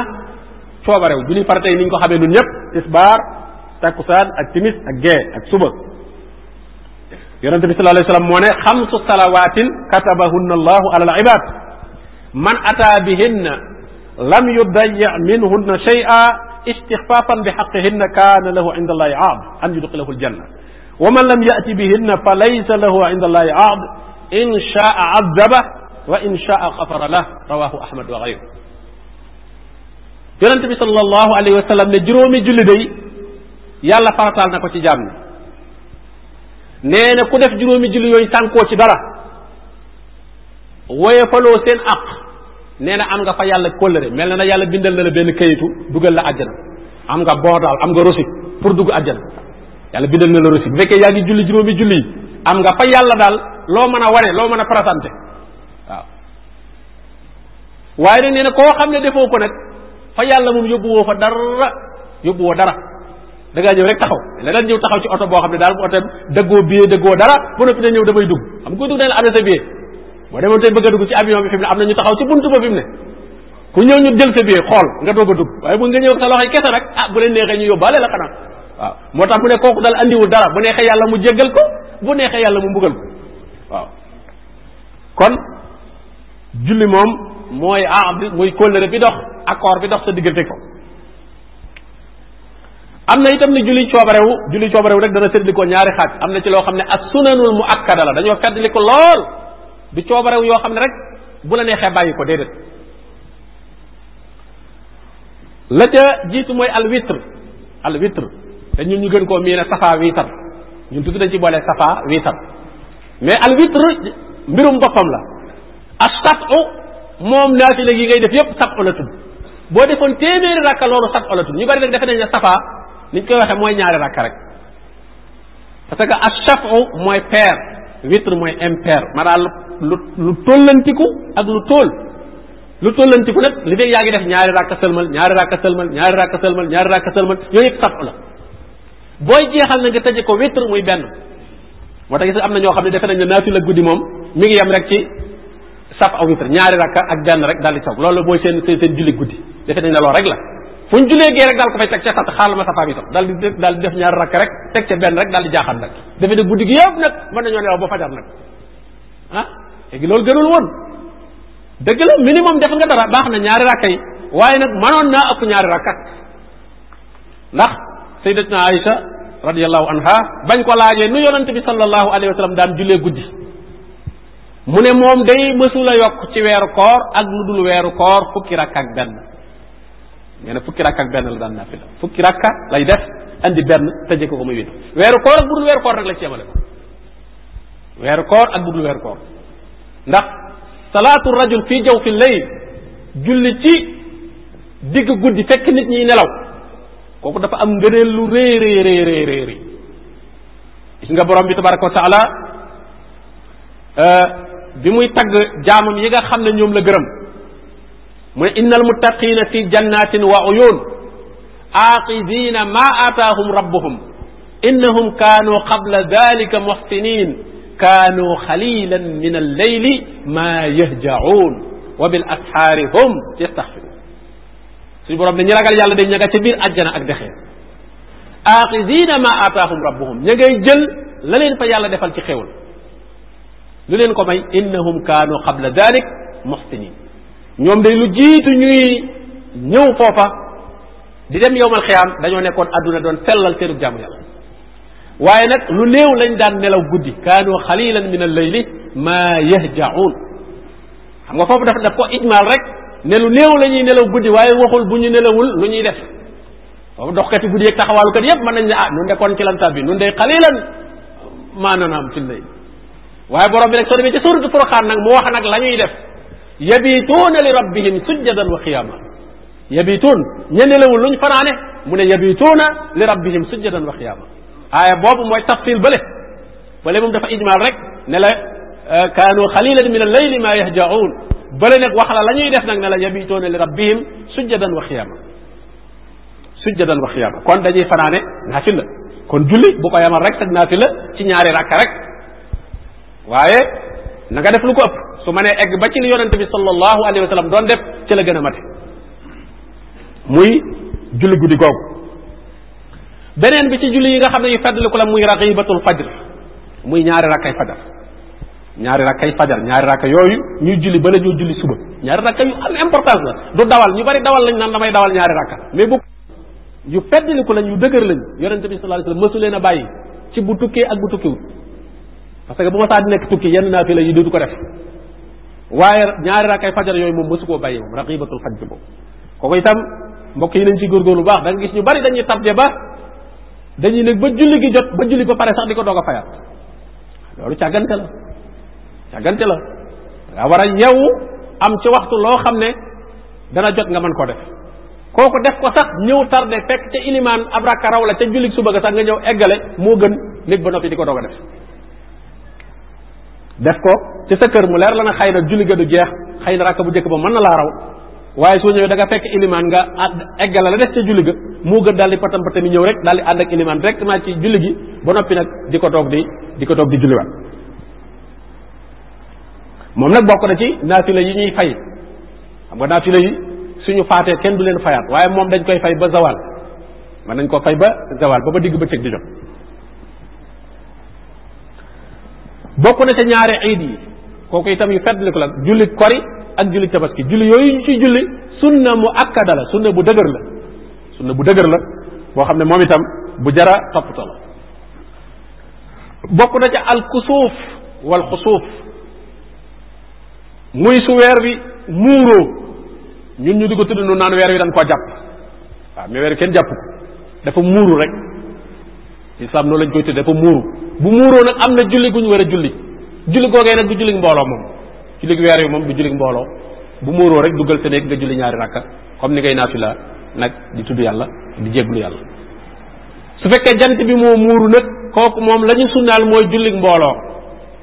coobarew julli farata yi niñ ko xamee nun ñëpp tisbaar takkusaan ak timis ak gee ak suba yonente bi sallallahu alayhi wasallam moo ne xamsu salawaatin katabahunna allahu ala al ibad man ataa bihinna lam yudayi minhunna shay'a istixfaafan bi xaqihinna kaana lahu inda allahi aad an yudxilahu aljanna wa man lam yati bihinna fa laysa lahu inda allahi aad in shaa azaba wa in shaa xafara lah rawahu ahmad wa gayru yonente bi sallallahu alayhi wa sallam ne juróomi julli day yàlla farataal na ko ci jaam ni nee na ku def juróomi julli yooyu tànkoo ci dara woye faloo seen àq nee na am nga fa yàlla kóllëre mel na na yàlla bindal na la benn kayitu dugal la àjjana am nga boodaal am nga rosi pour dugg àjjana yàlla bindal na la rosi bu fekkee yaa ngi julli juróomi julli am nga fa yàlla daal loo mën a ware loo mën a présenté waaw waaye nag nee koo xam ne defoo ko nag fa yàlla moom yóbbuwoo fa dara yóbbuwoo dara da ñëw rek taxaw leneen ñëw taxaw ci oto boo xam ne daal bu oto dëggoo billet dëggoo dara bu noppi ne ñëw damay dugg xam nga ko dugg dañ la adressé billet boo demoon tey a dugg ci avion ne am na ñu taxaw ci buntu ba fi mu ne ku ñëw ñu jël xool nga doog a dugg waaye bu nga ñëw ak sa loxo yi kese rek ah bu leen neexee ñu yóbbaale la xanaa waaw moo tax bu ne kooku dal andiwul dara bu neexee yàlla mu jéggal ko bu neexee yàlla mu mbugal ko waaw kon julli moom mooy aam bi muy kóllëre bi dox accord bi dox sa diggante ko am na itam ne julli coobarewu julli coobarewu rek dana séddliko ñaari xaaj am na ci loo xam ne as sunanul mu akkada la dañoo feddli ko lool du coobarewu yoo xam ne rek bu la neexee bàyyi ko déedéet la ca jiitu mooy al witre al witre te ñu gën koo miine safa witar ñun tuuti dañ ci boole safa witar mais al witre mbirum boppam la ak satu moom naafile gi ngay def yépp sat la tudd boo defoon téeméeri rakka loolu sat o la tudd ñu bari nag defe nañ niñ koy waxee mooy ñaari rakk rek parce que ash-shaf'u mooy paire witre mooy impaire maanaam lu lu tollantiku ak lu tool lu tollantiku nag li dégg yaa ngi def ñaari rakk sëlmal ñaari rakk sëlmal ñaari rakk sëlmal ñaari rakk sëlmal yooyu yëpp saf la booy jeexal na nga tëje ko witre muy benn moo tax gis am na ñoo xam ne defe nañ ne naatu la guddi moom mi ngi yem rek ci saf aw witre ñaari rakka ak benn rek daal di saw loolu mooy seen seen julli guddi defe nañ ne loolu rek la fu ñu julee gee rek daal ko fay teg ca xat xaaral ma safaam itam daal di daal def ñaar rakk rek teg ca benn rek daal di jaaxal nag defe ne guddi gi yëpp nag mën nañoo nelaw ba fajar nag ah léegi loolu gënul woon dëgg la minimum def nga dara baax na ñaari rakka yi waaye nag mënoon naa ëpp ñaari rakka ndax sayyidatuna Aïcha radiyallahu anha bañ ko laajee nu yonante bi sallallahu alayhi wa sallam daan julee guddi mu ne moom day mësula yokk ci weeru koor ak lu dul weeru koor fukki rakk ak benn nee fukki rakka ak benn la daan naafila fukki rakka lay def andi benn tëje ko ko muy wétu weeru koor ak budul weeru la ci yemale ko weeru koor ndax salaatu rajul fii jow fi lay julli ci digg guddi fekk nit ñi nelaw kooku dafa am ngëneel lu rëy rëy rëy gis nga borom bi tabaraka wa taala euh, bi muy tagg jaamam yi nga xam ne ñoom la gërëm mu ne innal muttaqina fi jannatin wa uyun aaqizina ma aataahum rabbuhum innahum kaanu qabla dalika muxsinin kaanu xalilan min alleyli ma yahjaun wa bil asxaari hum yastaxfiruun suñu borom ne ñi ragal yàlla dañ ña nga ca biir àjjana ak dexee aaqizina ma aataahum rabbuhum ña ngay jël la leen fa yàlla defal ci xéwal lu leen ko may innahum kaanu qabla dalik muxsinin ñoom day lu jiitu ñuy ñëw foofa di dem yowmal xiyaam dañoo nekkoon àdduna doon sellal seenu jaamu yàlla waaye nag lu néew lañ daan nelaw guddi kaanu xalilan min al layli ma yahjaun xam nga foofu daf daf ko ijmaal rek ne lu néew la ñuy nelaw guddi waaye waxul bu ñu nelawul lu ñuy def foofu doxkati guddi yeeg taxawaalukat yépp mën nañ ne ah nun nekkoon ci lan bi nun day xalilan maananaam fi lay waaye borom bi nag soo demee ci suuratu Furqaan nag mu wax nag la ñuy def yabituuna li rabbihim sujjadan wa qiyaama yabituun ña nelawul luñ fanaane mu ne yabituuna li rabbihim sujjadan wa qiyaama aaya boobu mooy tafsil bële bële moom dafa ijmaal rek ne la euh, kaanu xalilan min alleyli ma yahjaun bële nag wax la la ñuy def nag ne la yabituuna li rabbihim sujjadan wa qiyaama sujjadan wa qiyaama kon dañuy fanaane naafila kon julli bu ko yamal rek sag naafila ci ñaari rakka rek waaye na def lu ko ëpp su ma nee egg ba ci li yonente bi sallallahu alayhi wa doon def ci la gën a mate muy julli guddi googu beneen bi ci julli yi nga xam ne yu fàttaliku la muy raqibatul fajr muy ñaari rakkay fajar ñaari rakkay fajar ñaari rakka yooyu ñuy julli ba ñuy julli suba ñaari rakka yu am importance la du dawal ñu bari dawal lañ naan damay dawal ñaari rakka mais bu yu fàttaliku lañ yu dëgër lañ yonente bi sallallahu alayhi wa leen a bàyyi ci bu tukkee ak bu tukkiwut parce que bu ma saa di nekk tukki yenn naa fi la yu dootu ko def waaye ñaari rakkay fajar yooyu moom mësu koo bàyyi moom raqibatul fajj boobu kooku itam mbokk yi nañ ci góor góor lu baax da nga gis ñu bari dañuy tabde ba dañuy nekk ba julli gi jot ba julli ba pare sax di ko doog a fayat loolu càggante la càggante la nga war a yeewu am ci waxtu loo xam ne dana jot nga man koo def kooku def ko sax ñëw tardé fekk ca ilimaan ab rakka raw la ca julli suba ga sax nga ñëw eggale moo gën nit ba noppi di ko doog a def def ko ci sa kër mu leer la na xay nag julli ga du jeex xëy na rakk bu njëkk ba mën na laa raw waaye soo ñëwee da nga fekk ilimaan nga eggala la des ca julli ga moo gën daal di patam patami ñëw rek daal di ànd ak ilimaan directement ci julli gi ba noppi nag di ko toog di di ko doog di julliwaat moom nag bokk na ci naafila yi ñuy fay xam nga naafila yi suñu faatee kenn du leen fayaat waaye moom dañ koy fay ba zawal mën nañ ko fay ba zawal ba ba digg bëccëg bokk na ca ñaari iid yi kooku itam yu fàttaliku la julli kori ak julli tabaski julli yooyu ñu ci julli sunna mu akkada la sunna bu dëgër la sunna bu dëgër la boo xam ne moom itam bu jara toppatoo la bokk na ca alkusuuf wal xusuuf muy su weer wi muuroo ñun ñu di ko tudd nu naan weer wi dañ koo jàpp waaw mais weer kenn jàpp ko dafa muuru rek islam noonu lañ koy tuddee dafa muuru bu muuroo nag am na julli gu ñu war a julli julli googee nag du julli mbooloo moom julli weer wi moom du julli mbooloo bu muuroo rek duggal sa néeg nga julli ñaari rakka comme ni ngay naafila nag di tudd yàlla di jéglu yàlla su fekkee jant bi moo muuru nag kooku moom la ñu sunnaal mooy julli mbooloo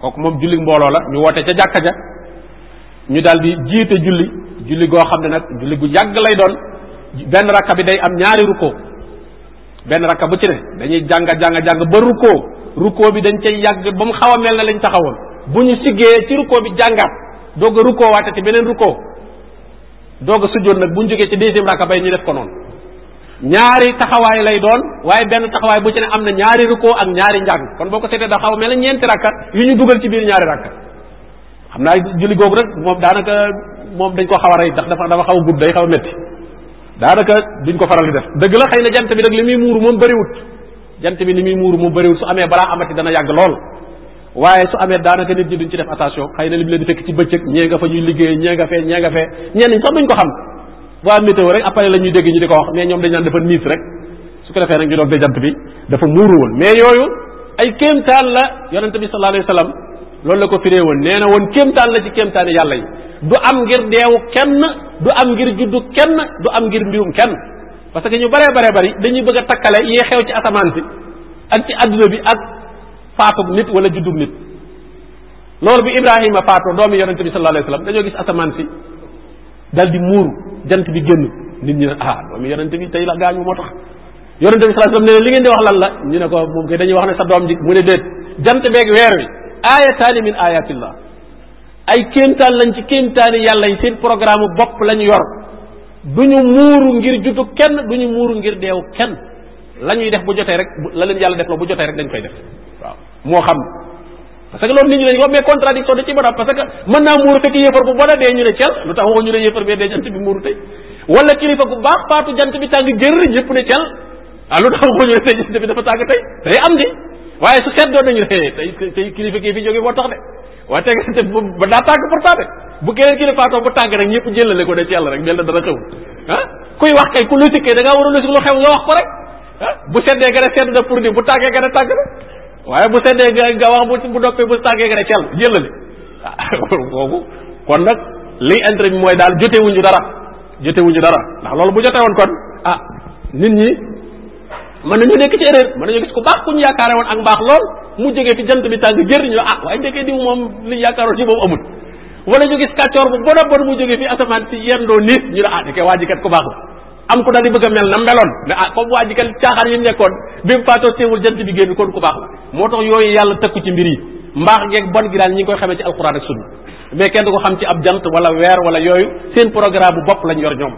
kooku moom julli mbooloo la ñu woote ca jàkka ja ñu daal di jiite julli julli goo xam ne nag julli gu yàgg lay doon benn rakka bi day am ñaari ruko benn rakka bu ci ne dañuy jàng jàng jàng ba rukkoo rukkoo bi dañ cay yàgg ba mu xaw a mel na lañ taxawoon bu ñu siggee ci rukkoo bi jàngaat doog a rukkoo waate ci beneen rukkoo doog a sujjoon nag bu ñu jógee ci deuxième rakka bay ñu def ko noonu ñaari taxawaay lay doon waaye benn taxawaay bu ci ne am na ñaari rukkoo ak ñaari njàng kon boo ko seetee da xaw a mel na ñeenti rakka yu ñu dugal ci biir ñaari rakka xam naa julli googu rek moom daanaka moom dañ ko xaw a rey ndax dafa dafa xaw a gudd day xaw a daanaka duñ ko faral di def dëgg la xëy na jant bi nag li muy muuru moom bëriwut jant bi li muy muuru moom bëriwut su amee balaa amati dana yàgg lool waaye su amee daanaka nit ñi duñ ci def attention xëy na li mu leen di fekk bëccëg ñee nga fa ñuy liggéey ñee nga fee ñee nga fee ñenn ñi sax duñ ko xam bu dégg ñu ko wax mais ñoom dañ naan dafa niis rek su ko defee nag ñu doon muuru woon mais yooyu ay kéemtaan la yonente bi sallallahu alayhi wasallam loolu la ko firee woon nee na woon kéemtaan la ci kéemtaani yàlla yi du am ngir deewu kenn du am ngir juddu kenn du am ngir mbirum kenn parce que ñu baree baree bari dañuy bëgg a takkale yee xew ci asamaan si ak ci adduna bi ak faatub nit wala juddub nit loolu bi Ibrahima faatoo doomi yonente bi sallallahu alayhi wasallam dañoo gis asamaan si dal di muur jant bi génn nit ñi ne ah doomi yonente bi tey la gaañu moo tax yonente bi sallallahu alayhi li ngeen di wax lan la ñu ne ko moom kay dañuy wax ne sa doom ji mu ne déet jant beeg weer wi aayataani min aayatillah ay kéemtaan lañ ci kéemtaani yàlla yi seen programme bopp lañ yor duñu muuru ngir juddu kenn ñu muuru ngir deewu kenn la ñuy def bu jotee rek la leen yàlla def la bu jotee rek dañ koy def waaw moo xam parce que loolu nit ñi dañ ko mais contradiction da ci mën a parce que mën naa muuru fekk yéefar bu bon dee ñu ne cel lu tax waxu ñu ne yéefar bee dee jant bi muuru tey wala kilifa bu baax faatu jant bi tàng jër ñëpp ne cel ah lu tax ñu ne dafa tàng tey day am di waaye su xet doon nañu ne tey tey kilifa kii fi jóge moo tax de waaye tegante ba daa tànk pourtant de bu keneen kilifaatoo bu tànk rek ñëpp ko de ci yàlla rek mel na dara xew ah wax kay ku logique kay da ngaa war a logique lu xew nga wax ko rek ah bu seddee nga ne sedd na pour ni bu tànkee nga ne tànk na waaye bu seddee nga nga wax bu bu doppee bu tànkee nga ne kon nag liy intérêt bi mooy daal jotewuñu dara jotewuñu dara ndax loolu bu jote kon ah nit ñi mën nañu nekk ci erreur mën nañu gis ku baax ku ñu yaakaare woon ak mbaax lool mu jógee ci jant bi tàng jër ñu ah waaye njëkkee diw moom li yaakaaroon ci boobu amul wala ñu gis kàccoor bu bon a bon mu jógee fi asamaan si yendoo niit ñu ne ah dikay waa ji ku baax la am ku daal di bëgg a mel na meloon ne ah comme waa ji kat yi nekkoon bi mu faatoo teewul jant bi génn kon ku baax la moo tax yooyu yàlla tëkku ci mbir yi mbaax geeg bon gi daal ñi ngi koy xamee ci alxuraan ko xam ci ab jant wala weer wala yooyu seen programme bu bopp lañ yor ñoom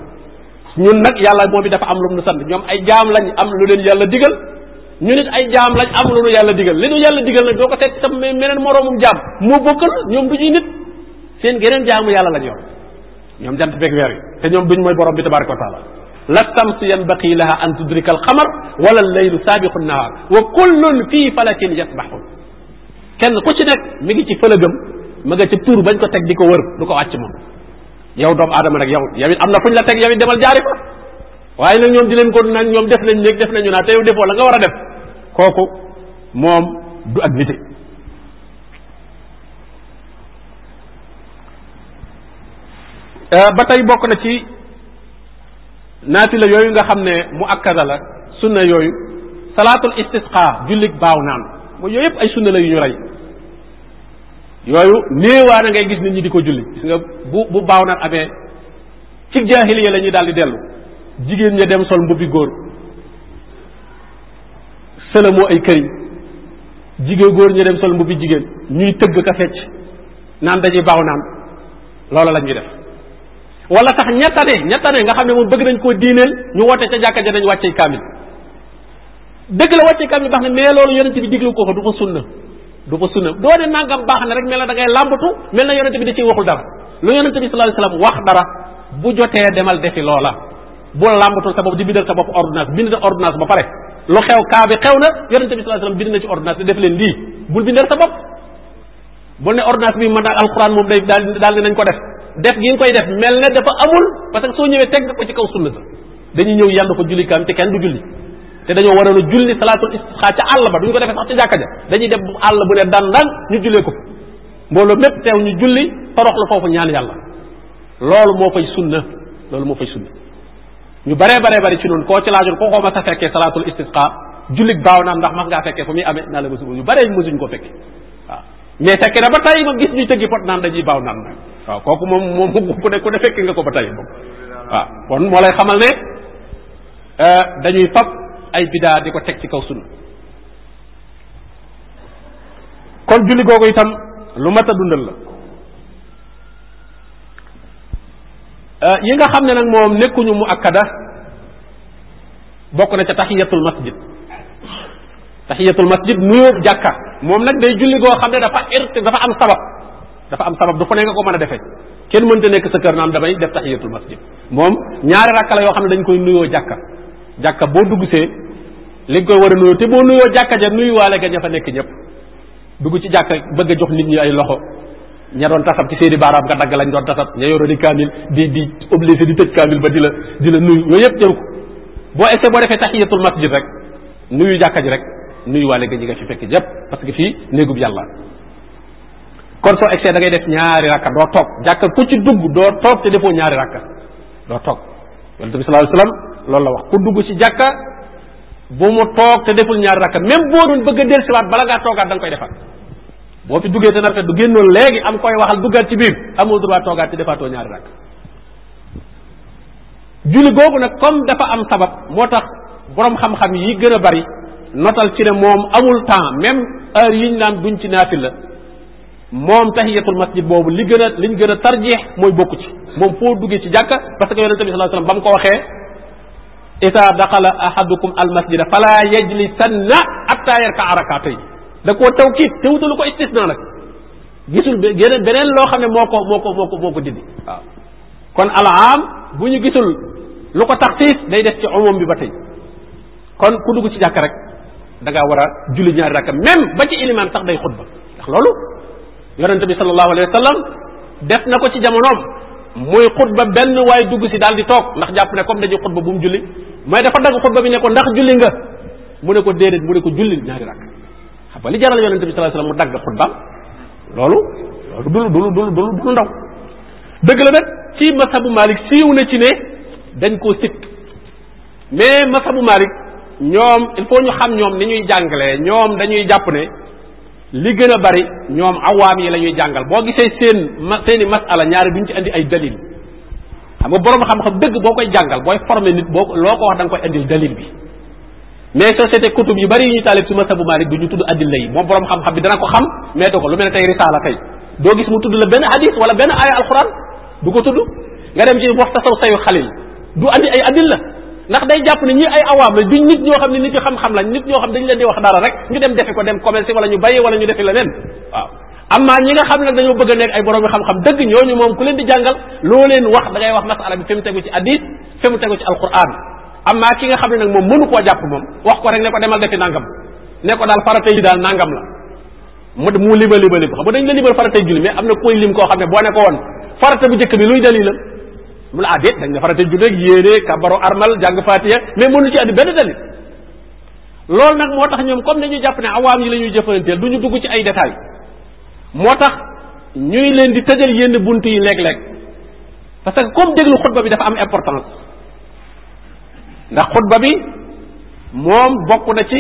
ñun nag yàlla moom bi dafa am lu nu sant ñoom ay jaam lañu am lu leen yàlla digal ñu nit ay jaam lañ am lu nu yàlla digal li nu yàlla digal nag doo ko seet sa meneen moroomum jaam moo bokkal ñoom du ñuy nit seen geneen jaamu yàlla lañ yor ñoom jant beeg weer te ñoom duñ mooy borom bi tabaraka wa taala la samsu yanbaqi laha an tudrika al xamar wala leylu saabiqu nahar wa kullun fii falakin yasbaxun kenn ku ci nekk mi ngi ci fëlëgëm ma nga ca tuur bañ ko teg di ko wër du ko wàcc moom yow doomu aadama nag yow yow am na fuñ la teg yow it demal jaari fa waaye nag ñoom di leen ko naan ñoom def nañ léegi def nañu naa te yow defoo la nga war a def kooku moom du ak nite euh, ba tey bokk na ci la yooyu nga xam ne mu akkada la sunna yooyu salaatul istisqa jullik baaw naan mooy yooyu yëpp ay sunna la yu ñu rey yooyu néewaa na ngay gis nit ñi di ko julli gis bu bu baaw naan amee ci jaahiliya la ñuy daal di dellu jigéen ña dem sol mbubbi góor sëlamoo ay këriñ jigéen góor ña dem sol mbubbi jigéen ñuy tëgg ka fecc naan dañuy baaw naan loola la ñuy def wala sax ñettane ñettane nga xam ne moom bëgg nañ koo diineel ñu woote ca jàkka ja nañ wàccee kaamil dëgg la wàccee kaamil baax na mais loolu yonent bi diglu ko ko du ko sunna du fa sunna doo ne nangam baax na rek mel na da ngay làmbatu mel na yonente bi da ciy waxul dara lu yonente bi sallallahu alayhi wasallam wax dara bu jotee demal defi loola bul làmbatul sa bopp di bindal sa bopp ordonnance bind na ba pare lu xew kaa bi na yonente bi sallallahu alayhi na ci def leen lii bul bindal sa bopp bul ne ordonnance bi man daal alquran moom day daal daal ne nañ ko def def gi nga koy def mel ne dafa amul parce que soo ñëwee teg nga ko ci kaw sunna sa dañuy ñëw yàlla ko julli kaam te kenn du julli te dañoo waroon a julli salaatul istisqa ca àll ba duñ ko defee sax ca jàkka ja dañuy def àll bu ne dan dan ñu jullee ko mbooloo mépp teew ñu julli toroxlu foofu ñaan yàlla loolu moo fay sunna loolu moo fay sunna ñu baree baree bari ci noonu ko ci laajoon koo koo mas a fekkee salaatul istisqa jullit baaw naa ndax mas ngaa fekkee fu muy amee naa la masuba ñu baree ko fekkee waaw mais fekke ba tey ma gis ñuy tëggi pot naan dañuy baaw naan nag waaw kooku moom moom ku ne ku ne fekke nga ko ba tay moom waaw kon moo lay xamal ne euh, dañuy fab ay bidaa di ko teg ci kaw sunna kon julli googu itam lu mat a dundal la euh, yi nga xam ne nag moom nekkuñu mu akkada bokk na ca taxiyatul masjid taxiyatul masjid nuyoo jàkka moom nag day julli goo xam ne dafa irti dafa am sabab dafa am sabab du fa ne nga ko mën a defee kenn mënta nekk sa kër naam damay def taxiyatul masjid moom ñaari rakka la yoo xam ne dañ koy nuyoo jàkka jàkka boo duggsee li nga koy war a nuyoo te boo nuyoo jàkka ja nuyuwaale ga ña fa nekk ñëpp dugg ci jàkka bëgg a jox nit ñi ay loxo ña doon tasab ci seeni baaraam nga dagg lañ doon tasab ña yoroon di kaamil di di obligé di tëj kaamil ba di la di la nuyu yooyu yëpp jaru ko boo essayé boo defee tahiyatul masjid rek nuyu jàkka ji rek nuyuwaale ga ñi nga fi fekk ñëpp parce que fii néegub yàlla kon soo excès da ngay def ñaari rakka doo toog jàkka ku ci dugg doo toog te defoo ñaari doo toog yonent bi la bu mu toog te deful ñaar rakka même boo doon bëgg a dellusiwaat bala ngaa toogaat da koy defaat boo fi duggee te narta du génnoon léegi am koy waxal duggaat ci biir amul droit toogaat te defaatoo ñaari rakk julli boobu nag comme dafa am sabab moo tax borom xam-xam yi gën a bari notal ci ne moom amul temps même heure yi ñu naan duñ ci naafil la moom tahiyatul masjid boobu li gën a li ñu gën a tarjeex mooy bokk ci moom foo duggee ci jàkka parce que yonente bi sallallahu alayhi ba mu ko waxee isaa daxala ahadukum almasjida fala yajlisanna atta yarka arakaata yi da koo tawkiid te wutalu ko istisna nag gisul beneen loo xam ne moo ko moo ko moo ko moo dindi waaw kon alaam bu ñu gisul lu ko taxsiis day des ci umum bi ba tey kon ku dugg ci jàkk rek da ngaa war a julli ñaari rakka même ba ci ilimaan sax day xutba ndax loolu yonente bi sallallahu alayhi wa def na ko ci jamonoom muy xutba benn waaye dugg si daal di toog ndax jàpp ne comme dañuy xutba bu mu julli mais dafa dagg xutba bi ne ko ndax julli nga mu ne ko déedéet mu ne ko julli ñaari rakk xam nga li jaral yonente bi sallallahu alayhi wasallam mu dagg xutbaam loolu loolu dul dul dul dul dul ndaw dëgg la nag ci masabu Malik siiw na ci ne dañ koo sit mais masabu Malik ñoom il faut ñu xam ñoom ni ñuy jàngalee ñoom dañuy jàpp ne li gën a bari ñoom awaam yi la ñuy jàngal boo gisee seen ma seen i masala ñaari ñu ci indi ay dalil xam nga borom xam-xam dëgg boo koy jàngal booy former nit boo loo ko wax da nga koy andil dalil bi mais société kutub yu bari yu ñu taalib si bu Maalik du ñu tudd addilla yi moom borom xam-xam bi dana ko xam mais ko lu mel ne tey risaala tey doo gis mu tudd la benn hadis wala benn aaya alquran du ko tudd nga dem ci wax tasaw sayu xalil du andi ay addilla ndax day jàpp ne ñi ay awaam la duñ nit ñoo xam ne nit ñu xam-xam nit ñoo xam dañ leen di wax dara rek ñu dem defi ko dem commerce wala ñu bàyyi wala ñu defi leneen waaw amma ñi nga xam nag dañoo bëgg a nekk ay borom xam-xam dëgg ñooñu moom ku leen di jàngal loo leen wax da ngay wax masala bi fi mu tegu ci hadith fi mu tegu ci alquran amma ki nga xam ne nag moom mënu koo jàpp moom wax ko rek ne ko demal defi nangam ne ko daal farata nangam la mu mu liba koo xam ne boo ne ko woon farata bu njëkk bi mu la ah déet dañ ne farata julleeg yéene kabaro armal jàng fatiha mais mënu ci andi benn dalil loolu nag moo tax ñoom comme dañu jàpp ne awaam yi la ñuy jëfandanteel du ñu dugg ci ay détails moo tax ñuy leen di tëjal yéen bunt yi léeg-léeg parce que comme déglu xutba bi dafa am importance ndax xutba bi moom bokk na ci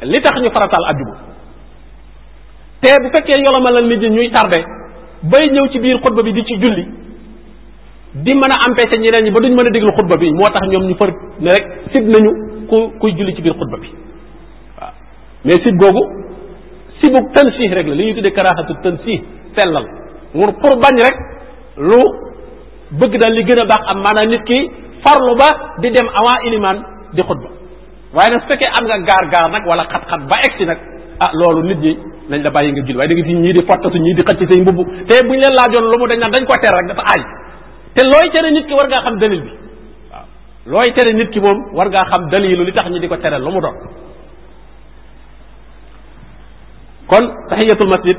li tax ñu farataal àjjuma te bu fekkee yolomalal nit ñi ñuy tardé bay ñëw ci biir xutba bi di ci julli di mën a empêcher ñeneen ñi ba duñ mën a déglu xutba bi moo tax ñoom ñu far ne rek sib nañu ku kuy julli ci biir xutba bi waaw mais sib googu sibu tansih rek li ñuy tuddee karaaxatu tansih sellal ngir pour bañ rek lu bëgg daal li gën a baax am maanaam nit ki farlu ba di dem avant ilimaan di xutba waaye nag su fekkee am nga gaar gaar nag wala xat-xat ba egg si nag ah loolu nit ñi nañ la bàyyi nga jul waaye da nga fi ñii di fottatu ñii di xëcc say mbubb te buñ leen laajoon lu mu dañ naan dañ ko teer rek dafa aaj te looy tere nit ki war ngaa xam dalil bi waaw looy tere nit ki moom war ngaa xam dalilu li tax ñu di ko tere lu mu doon kon tahiyatul masjid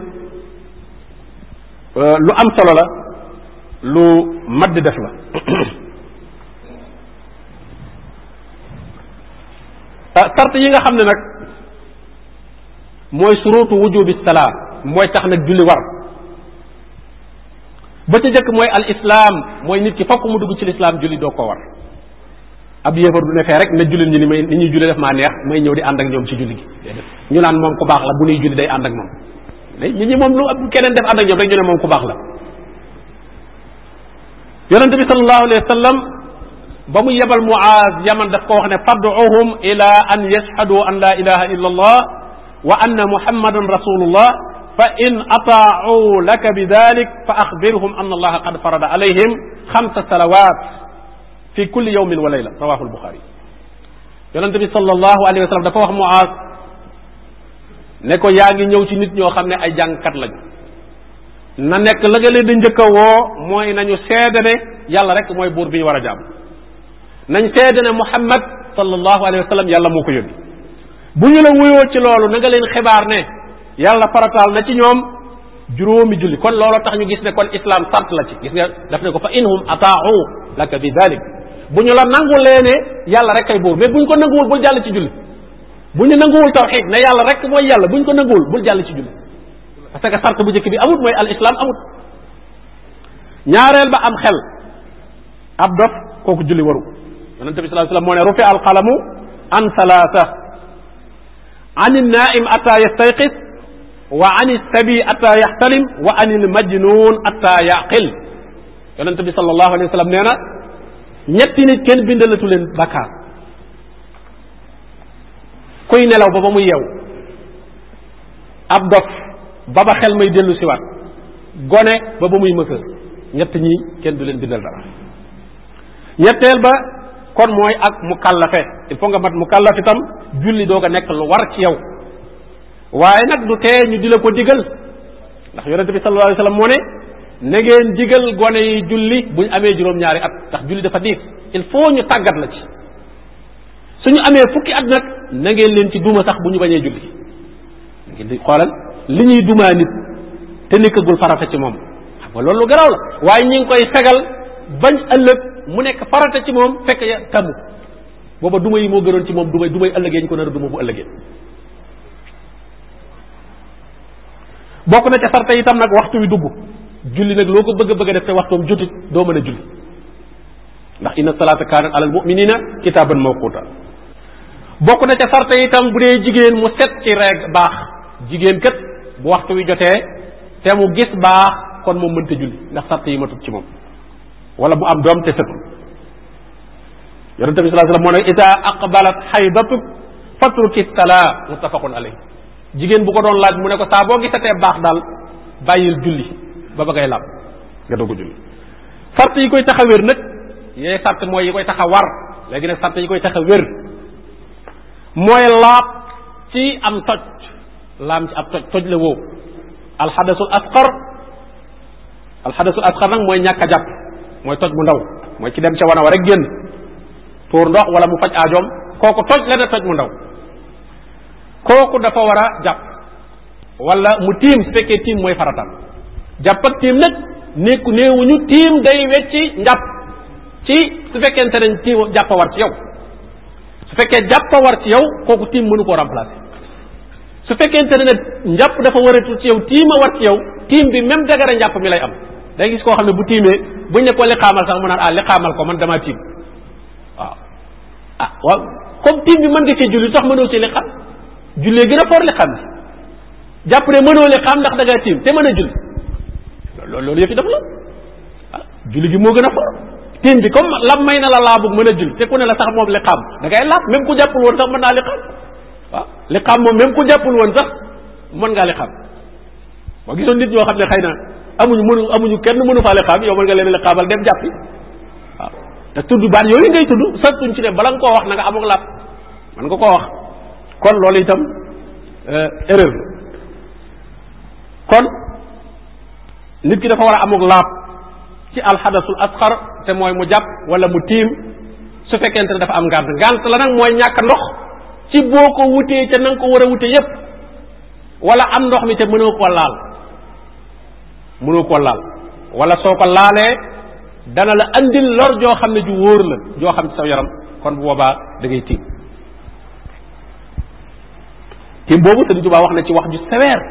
euh, lu am solo la lu madd def la euh, sart yi nga xam ne nag mooy surutu wujubi salaam mooy tax nag julli war ba ca jëkk mooy al islam mooy nit ki fokk mu dugg ci lislaam julli doo ko war ab yéefar du ne rek na jullit ñi ni may ni ñuy julli def maa neex may ñëw di ànd ak ñoom ci julli gi ñu naan moom ku baax la bu ñuy julli day ànd ak moom nit ñi moom lu keneen def ànd ak ñoom rek ñu ne moom ku baax la yonente bi sallallahu alayhi wa sallam ba mu yebal Muaz yaman daf ko wax ne fad'uhum ila an yashhadu an la ilaha illa allah wa anna muhammadan rasulullah fa in ataau laka bi dalik fa axbirhum an allaha qad farada alayhim xamsa salawat fi kulli yawmin wa layla rawahu albuxaari yonente bi sallallahu wa dafa wax Muaaz ne ko yaa ngi ñëw ci nit ñoo xam ne ay jàngkat lañu na nekk la nga leen di njëkk a woo mooy nañu seede ne yàlla rekk mooy buur bi ñu war a jaam nañ seede ne Muhammad sallallahu alayhi wa bu ñu la wuyoo ci loolu na nga leen xibaar ne yàlla farataal na ci ñoom juróomi julli kon loolu tax ñu gis ne kon islam sart la ci gis nga daf ne ko fa inhum ataau laka bi dalik bu ñu la nangulee ne yàlla rek kay boobu mais bu ñu ko nanguwul bul jàll ci julli bu ñu nanguwul tawxid ne yàlla rek mooy yàlla bu ñu ko nanguwul bul jàll ci julli parce que sart bu njëkk bi amut mooy al islam amut ñaareel ba am xel ab dof kooku julli waru yonente bi sallallahu alayhi wasallam moo ne rufi al qalamu an salaasa an naaim ata yastayqis waa ani sabi atta yaxtalim wa anil majnun atta yaqil yonent bi sallallahu alayhi wa nee na ñetti nit kenn bindalatu leen bakkaar kuy nelaw ba ba muy yew ab dof ba ba xel may dellu siwaat gone ba ba muy mësër ñett ñi kenn du leen bindal dara ñetteel ba kon mooy ak mukallafe il faut nga mat mukallafitam julli doo ko nekk lu war ci yow waaye nag du tee ñu di la ko digal ndax yonente bi sallallahu alayhi wasallam moo ne na ngeen digal gone yi julli bu ñu amee juróom-ñaari at ndax julli dafa diif il faut ñu tàggat la ci suñu amee fukki at nag na ngeen leen ci duma sax bu ñu bañee julli ngeen di xoolal li ñuy duma nit te nekkagul farata ci moom xam nga loolu lu la waaye ñi ngi koy fegal bañ ëllëg mu nekk farata ci moom fekk ya tàmm booba duma yi moo gënoon ci moom dumay dumay ëllëgee ñu ko nar a duma bu bokk na ca sarte tam nag waxtu wi dugg julli nag loo ko bëgg a bëgg a def te waxtoom jotut doo mën a julli ndax inna salaata kaanat alal muminina kitaaban mawquta bokk na ca sarte itam bu dee jigéen mu set ci reg baax jigéen kat bu waxtu wi jotee te mu gis baax kon moom mën te julli ndax sarte yi matut ci moom wala mu am doom te setul yonente bi sallallahu alayhi wa sallam moo ne ida aqbalat xaydatuk fatruki salaa muttafaqun alayh jigéen bu ko doon laaj mu ne ko saa boo gisatee baax daal bàyyil julli ba ba ngay làpp nga doog julli sart yi koy tax wér nag yee sart mooy yi koy tax a war léegi nag sart yi koy tax a wér mooy laab ci am toj laam ci ab toj toj la woo alxadasul asqar alxadasul asqar nag mooy ñàkk jàpp mooy toj mu ndaw mooy ci dem ca wana wa rek génn tuur ndox wala mu faj aajoom kooku toj la ne toj mu ndaw kooku dafa war a jàpp wala mu tiim su fekkee tiim mooy faratal jàpp ak tiim nag nekku néewuñu tiim day wecci njàpp ci su fekkente ne tiim jàpp war ci yow su yow kooku tiim mënu koo remplacer su fekkente ne njàpp dafa waratu ci yow tiim yow tiim bi même dagara njàpp mi lay am day gis koo xam ne bu tiimee buñ ne ko sax mu naa ah ko man damaa tiim ah waaw comme tiim bi mën nga cee julli tax mënoo ci liqaam jullee gën a for li jàpp ne mënoo li xam ndax da ngaa te mën a julli loolu loolu yëfi dafa la ah, julli gi moo gën a for tiim bi comme lam may na la laabu mën a julli te ku ne la sax moom li xam da ngay laab même ku jàppul woon naa li xam waaw ah, li xam ku jàppul woon sax mën ngaa li xam boo gisoon nit ñoo xam ne xëy na amuñu mënu amuñu kenn mënu faa li xam yow mën nga leen li xaamal dem jàppi waaw te tudd baat yooyu ngay tudd sattuñ ci ne bala nga koo wax na nga amul laab mën nga koo wax kon loolu itam euh, erreur kon nit ki dafa war a amuk laab ci alxadasul asxar te mooy mu jàpp wala mu tiim su fekkente ne dafa am ngànt ngànt la nag mooy ñàkk ndox ci boo ko wutee te na ko war a wute yépp walla am ndox mi te mënoo ko laal mënoo ko laal wala soo ko laalee dana la andil lor joo xam ne ju wóor la joo xam ci saw yaram kon bu boobaa da tiim tim boobu sëñ Tuba wax na ci wax ju sévère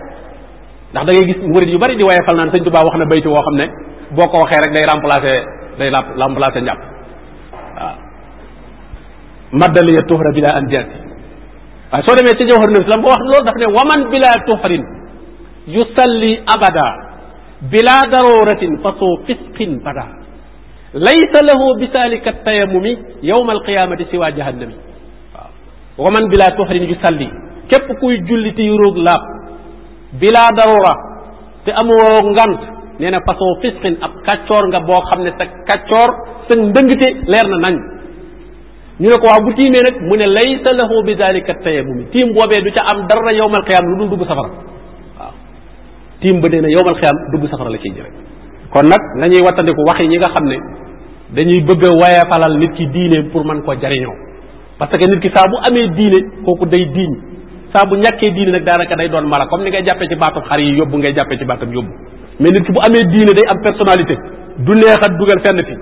ndax da ngay gis murid yu bari di waaye fal naan sëñ Tuba wax na bayti woo xam ne boo ko waxee rek day remplacer day remplacer njàpp waaw maddaliya tuhra bila andiati waaye soo demee ci jawhar nabi islam boo wax loolu daf ne waman bila tuhrin yusalli abada bila daruratin fasoo fisqin bada laysa lahu bisalika tayamumi yowma alqiyamati siwa jahannami waaw waman bila tuhrin yusalli képp kuy julli te yuróog laab bilaa darura te amoo ngant nee na façon fisqin ab kàccoor nga boo xam ne sa kàccoor sa ndëngte leer na nañ ñu ne ko waaw bu tiimee nag mu ne lay laysa lahu bi dalika tayamum tiim boobee du ca am dara yowmal xiyaam lu dul dugg safara waaw tiim ba nee na yowmal xiyaam dugg safara la ciy jëre kon nag nañuy wattandiku wax yi ñi nga xam ne dañuy bëgg waaye waye falal nit ki diine pour mën koo jariñoo parce que nit ki day diiñ saa bu ñàkkee diine nag daanaka day doon mala comme ni ngay jàppee ci baatam xar yi yóbbu ngay jàppee ci baatam yóbbu mais nit ki bu amee diine day am personnalité du neex a dugal fenn fi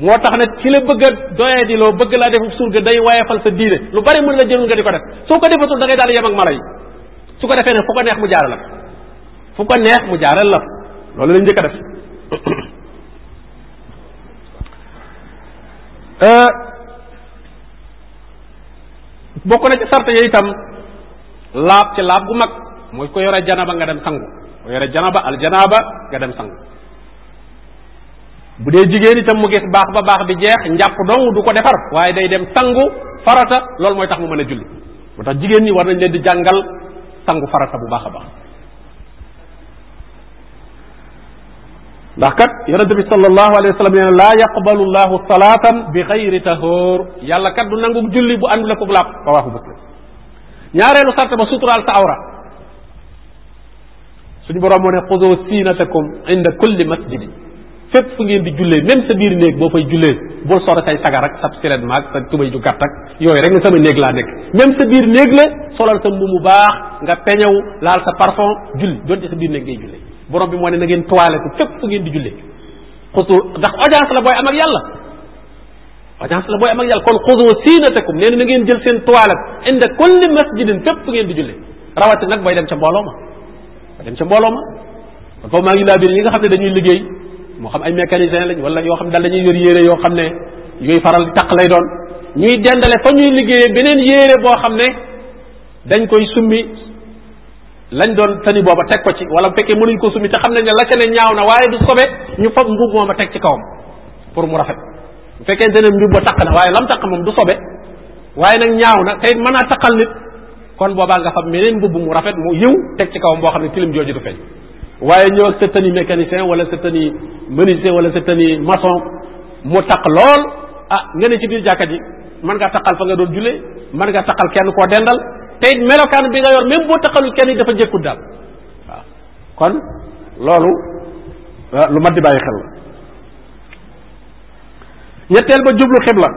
moo tax ne ci la bëgg a doyee di loo bëgg laa def surga day wayefal sa diine lu bari mën la jëlul nga di ko def soo ko defatul da daal yem ak mala yi su ko defee ne fu ko neex mu jaaral la fu ko neex mu jaaral la loolu lañ njëkk a def euh, bokk na ci sart laab ci laab gu mag mooy ko yore janaba nga dem sangu ko yore janaba al janaba nga bu dee jigéen tam mu gis baax ba baax bi jeex njàpp dong du ko defar waaye day dem sangu farata loolu mooy tax mu mën a julli moo tax jigéen ñi war nañ leen di jàngal sangu farata bu baax a baax ndax kat yonente bi sallallahu alayhi wa sallam nee na laa yaqbalu bi xayri tahoor yàlla kat du nangu julli bu àndul ak laab rawaahu muslim ñaareelu sart ba suturaal sa awra suñu borom moo ne xudoo siinatakum inda kulli masjidin fépp fu ngeen di jullee même sa biir néeg boo fay jullee bul sore say sagar ak sa siret maag sa tubay ju gàtt ak yooyu rek ne sama néeg laa nekk même sa biir néeg la solal sa mbubb baax nga peñaw laal sa parfum julli doonte sa biir néeg ngay jullee borom bi moo ne na ngeen toilette fépp fu ngeen di jullee xutu ndax audience la booy am ak yàlla audience la booy am ak yàlla kon xudu siinatakum nee na na ngeen jël seen toilette inda kulli masjidin fépp fu ngeen di julli rawati nag booy dem ca mbooloo ma booy dem ca mbooloo ma maa ngi laa biir yi nga xam ne dañuy liggéey moo xam ay mécanicien lañ wala yoo xam ne daal dañuy yor yére yoo xam ne yooyu faral di taq lay doon ñuy dendale fa ñuy liggéeyee beneen yére boo xam ne dañ koy summi lañ doon tani booba teg ko ci wala fekkee mënuñ ko summi te xam nañ ne la ca ne ñaaw na waaye du sobe ñu fab mbubb moom a teg ci kawam pour mu rafet bu fekkente ne mbir ba taq na waaye lam taq moom du sobe waaye nag ñaaw na te it mën naa taqal nit kon boobaa nga fab meneen mbubb mu rafet mu yiw teg ci kawam boo xam ne tilim jooju du feeñ waaye ñëw ak sa tani mécanicien wala sa tani menuisier wala sa tani maçon mu taq lool ah nga ne ci biir jàkka ji mën ngaa taqal fa nga doon julee man ngaa taqal kenn koo dendal tey it melokaan bi nga yor même boo taqalul kenn dafa jëkkut daal waaw kon loolu ah, lu mat di bàyyi xel la ñetteel ba jublu xibla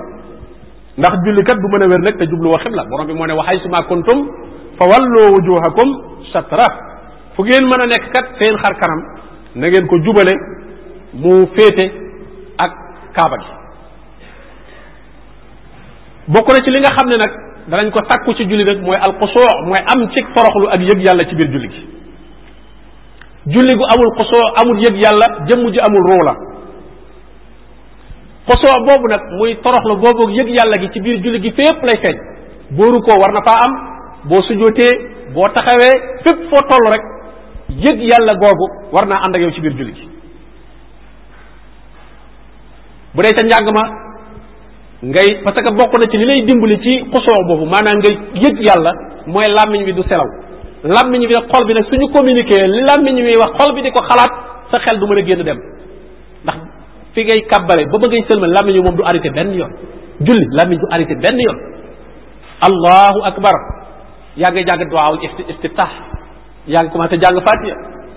ndax julli bu mën a wér nag te jublu wa xibla borom bi moo ne wa haysuma kuntum fa walloo wujuhakum shatra fu ngeen mën a nekk kat seen xar kanam na ngeen ko jubale mu féete ak kaaba gi bokk na ci li nga xam ne nag danañ ko takku ci julli nag mooy alxusoo mooy am ci foroxlu ak yëg yàlla ci biir julli gi julli gu amul xusoo amul yëg yàlla jëmm ji amul ruu xosoo boobu nag muy toroxlu boobu yëg yàlla gi ci biir julli gi fépp lay feeñ boo rukkoo war na faa am boo sujootee boo taxawee fépp foo toll rek yëg yàlla googu war naa ànd ak yow ci biir julli gi bu dee ca njàng ma ngay parce que bokk na ci li lay dimbali ci xosoo boobu maanaam ngay yëg yàlla mooy làmmiñ bi du selaw làmmiñ bi xol bi nag suñu communiqué li làmmiñ bi wax xol bi di ko xalaat sa xel du mën a génn dem fi ngay kàbbare ba ba ngay sëlmal làmmiñu moom du arrêté benn yoon julli làmmiñ du arrêté benn yoon allahu akbar yaa ngay jàng duwaaw istiftah yaa ngi commencé jàng fatiha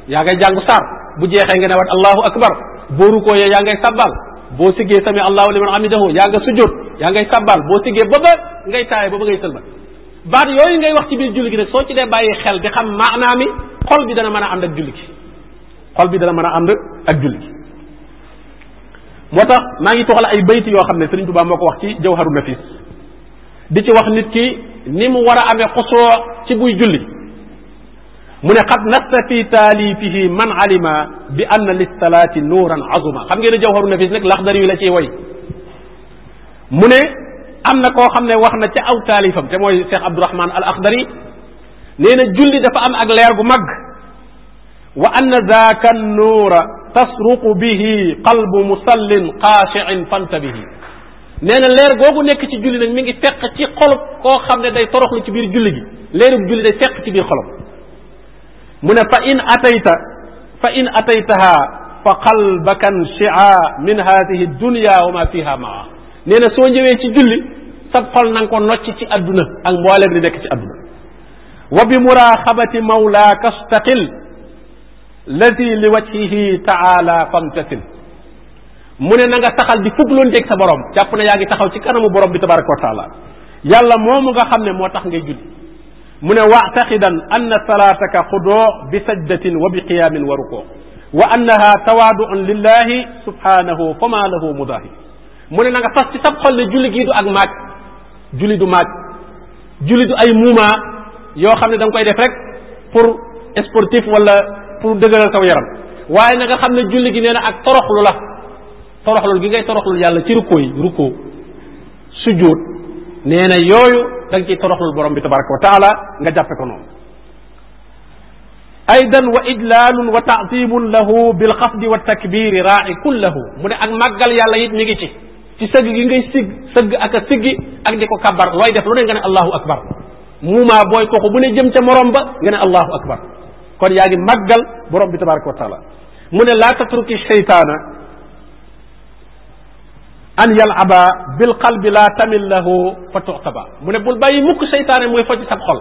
yaa ngay jàng saar bu jeexee nga ne waat allahu akbar boo rukoo yee yaa ngay sàbbaal boo siggee sami allahu liman amidahu yaa nga sujjóot yaa ngay sàbbaal boo siggee ba ba ngay taayee ba ba ngay sëlmal baat yooyu ngay wax ci biir julli gi nag soo ci dee bàyyi xel di xam maanaa mi xol bi dana mën a ànd ak julli gi xol bi dana mën a ànd ak julli gi moo tax maa ngi toxal ay bayti yoo xam ne Serigne Touba moo ko wax ci jawharu nafis di ci wax nit ki ni mu war a amee xusoo ci buy julli mu ne xad nasta fi taalifihi man alima bi anna lissalaati nuuran azuma xam ngeen ne jawharu nafis nag laxdar yi la ciy way mu ne am na koo xam ne wax na ci aw taalifam te mooy Cheikh Abdourahman al Akhdari nee na julli dafa am ak leer gu mag wa anna zaaka nuura tasruqu bihi qalbu musallin xaashiin fantabihi nee na leer googu nekk ci julli nag mi ngi fekk ci xolub koo xam ne day toroxlu ci biir julli gi leerub julli day fekk ci biir xolub mu ne fa in atayta fa in ataytaha fa qalbaka nshia min hadihi dunya wa ma fiha maa nee na soo ñëwee ci julli sab xol na nga ko nocc ci adduna ak mbooleem li nekk ci adduna wa bi muraaxabati mawlaaka staqil lati li wajhihi taala famtasil mu ne na nga taxal di fugloonteeg sa borom jàpp na yaa ngi taxaw ci kanamu borom bi tabaraka wa taala yàlla moomu ga xam ne moo tax ngay julli mu ne wa'taqidan anna salaataka xudoo bi sajdatin wa bi qiyaamin wa rukoo wa annaha tawaadu'un lillahi subhanahu fa ma lahu mudahi mu ne na nga fas ci sab xol ne julli gii du ak maaj juli du maaj julli du ay muumaa yoo xam ne da nga koy def rek pour sportif wala pour dëgëral saw yaram waaye na nga xam ne julli gi nee na ak toroxlu la toroxlu gi ngay toroxlu yàlla ci rukkoo yi rukkoo sujjóot yooyu da nga ciy toroxlul borom bi tabaraka wa taala nga jàppe ko noonu aydan wa ijlalun wa taatimun lahu bil xafdi wa takbiri raai kullahu mu ne ak màggal yàlla it mi ngi ci ci sëgg gi ngay sigg sëgg ak a siggi ak di ko kabbar looy def lu ne nga ne allahu akbar muumaa booy kooku bu ne jëm ca morom ba nga ne allahu akbar kon yaa ngi màggal borom bi tabaraka wa taala mu ne laa tatruki sheytaana an yalaba bil qalbi laa tamil lahu fa tuxtaba mu ne bul bàyyi mukk seytaane muy fo ci sab xol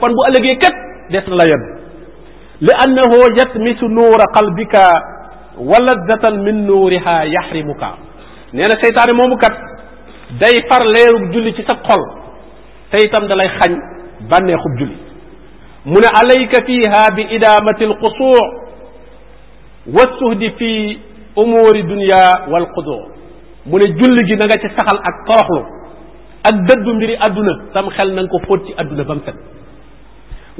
kon bu ëllëgee kat des na la yedd li annahu yatmisu nuura qalbika wa laddatan min nuuriha moomu kat day far leerug julli ci sab xol te itam dalay xañ bànneexub julli mu ne alayka fiha bi idaamati alxusuu wassuhdi fi umuuri dunya walxudu mu ne julli gi na nga ci saxal ak toroxlu ak dëddu mbiri adduna sam xel na nga ko fóot ci adduna ba mu set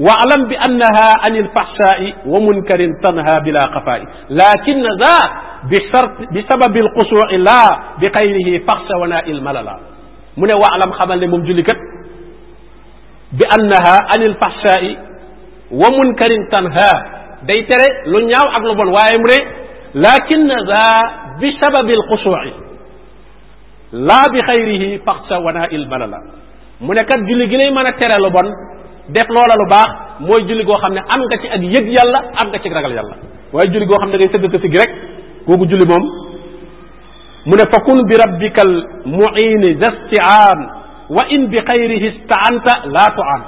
wa alam bi annaha an ilfaxsaai wa munkarin tanha bila xafaai lakin za bi shart bi sababi alxusui la bi xayrihi faxsa wa naa il malala mu ne wa alam xamal ne moom julli kat bi annaha an ilfaxsaai wa munkarin tanha day tere lu ñaaw ak lu bon waaye mu ne lakin za bi sababi alxusui laa bi xayrihi faxsa wana il balala mu ne kat julli gi lay mën a tere lu bon def loola lu baax mooy julli goo xam ne am nga ci ak yëg yàlla am nga ci ragal yàlla waaye julli goo xam ne da ngay sëddata si gi rek kooku julli moom mu ne fakun bi rabbikal muini zastiaan wa in bi xayrihi istaanta laa tuaan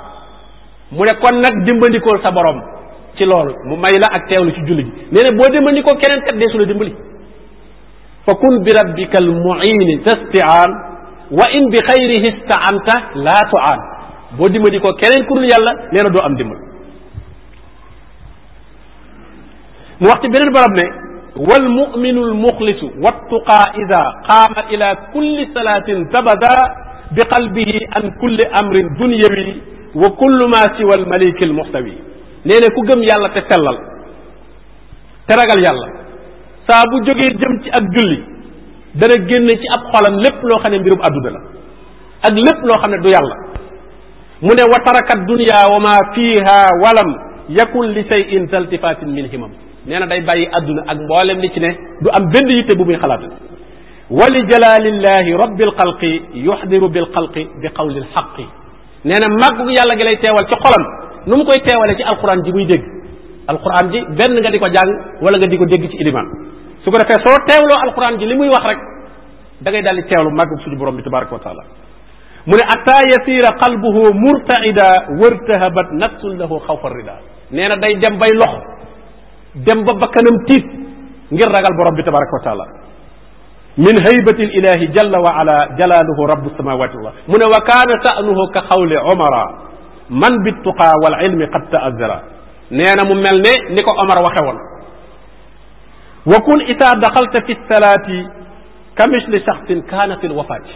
mu ne kon nag dimbandikool sa borom ci loolu mu may la ak teewlu ci julli gi nee na boo dimbandikoo keneen kat dee su la dimbali fa kun bi rabbika al muini tastiaan wa in bi xayrihi istaanta laa tuaan boo dimbandikoo keneen ku dul yàlla nee na doo am dimbal mu wax ci beneen barab ne wal muminu al muxlisu wattuqaa ida qaama ila kulli salaatin tabada bi qalbihi an kulli amrin dunyawi wa kullu ma siwa al maliki al muxtawi nee ku gëm yàlla te sellal te ragal yàlla saa bu jógee jëm ci ak julli dana génne ci ab xolam lépp loo xam ne mbirum àdduna la ak lépp loo xam ne du yàlla mu ne wa taraka dunya wa ma fiha walam yakun li shay'in taltifatin min himam nee na day bàyyi àdduna ak mboolem li ci ne du am benn yitte bu muy xalaat wali jalaalillahi rabbil xalqi yuxdiru bil xalqi bi qawlil xaqi nee na màggu yàlla gi lay teewal ci xolam nu mu koy teewalee ci alquran ji muy dégg alquran ji benn nga di ko jàng wala nga di ko dégg ci iliman su ko defee soo teewloo alquran ji li muy wax rek dangay ngay daldi teewlu màggu suñu borom bi tabaraka wa taala mu ne ataa yasiira qalbuhu murtaida wartahabat nafsun lahu xawfa rida nee na day dem bay lox dem ba bakkanam tiit ngir ragal borom bi tabaraka wa taala min haybati ilahi jalla wa ala jalaaluhu rabu samawati wal mu ne wa kaana sa'nuhu ka xawli omara man bi tuqaa wal ilmi qad ta'azzara nee na mu mel ne ni ko omar waxe woon wa kun isaa daxalta fi salaati ka misli shaxsin kaana fi lwafaati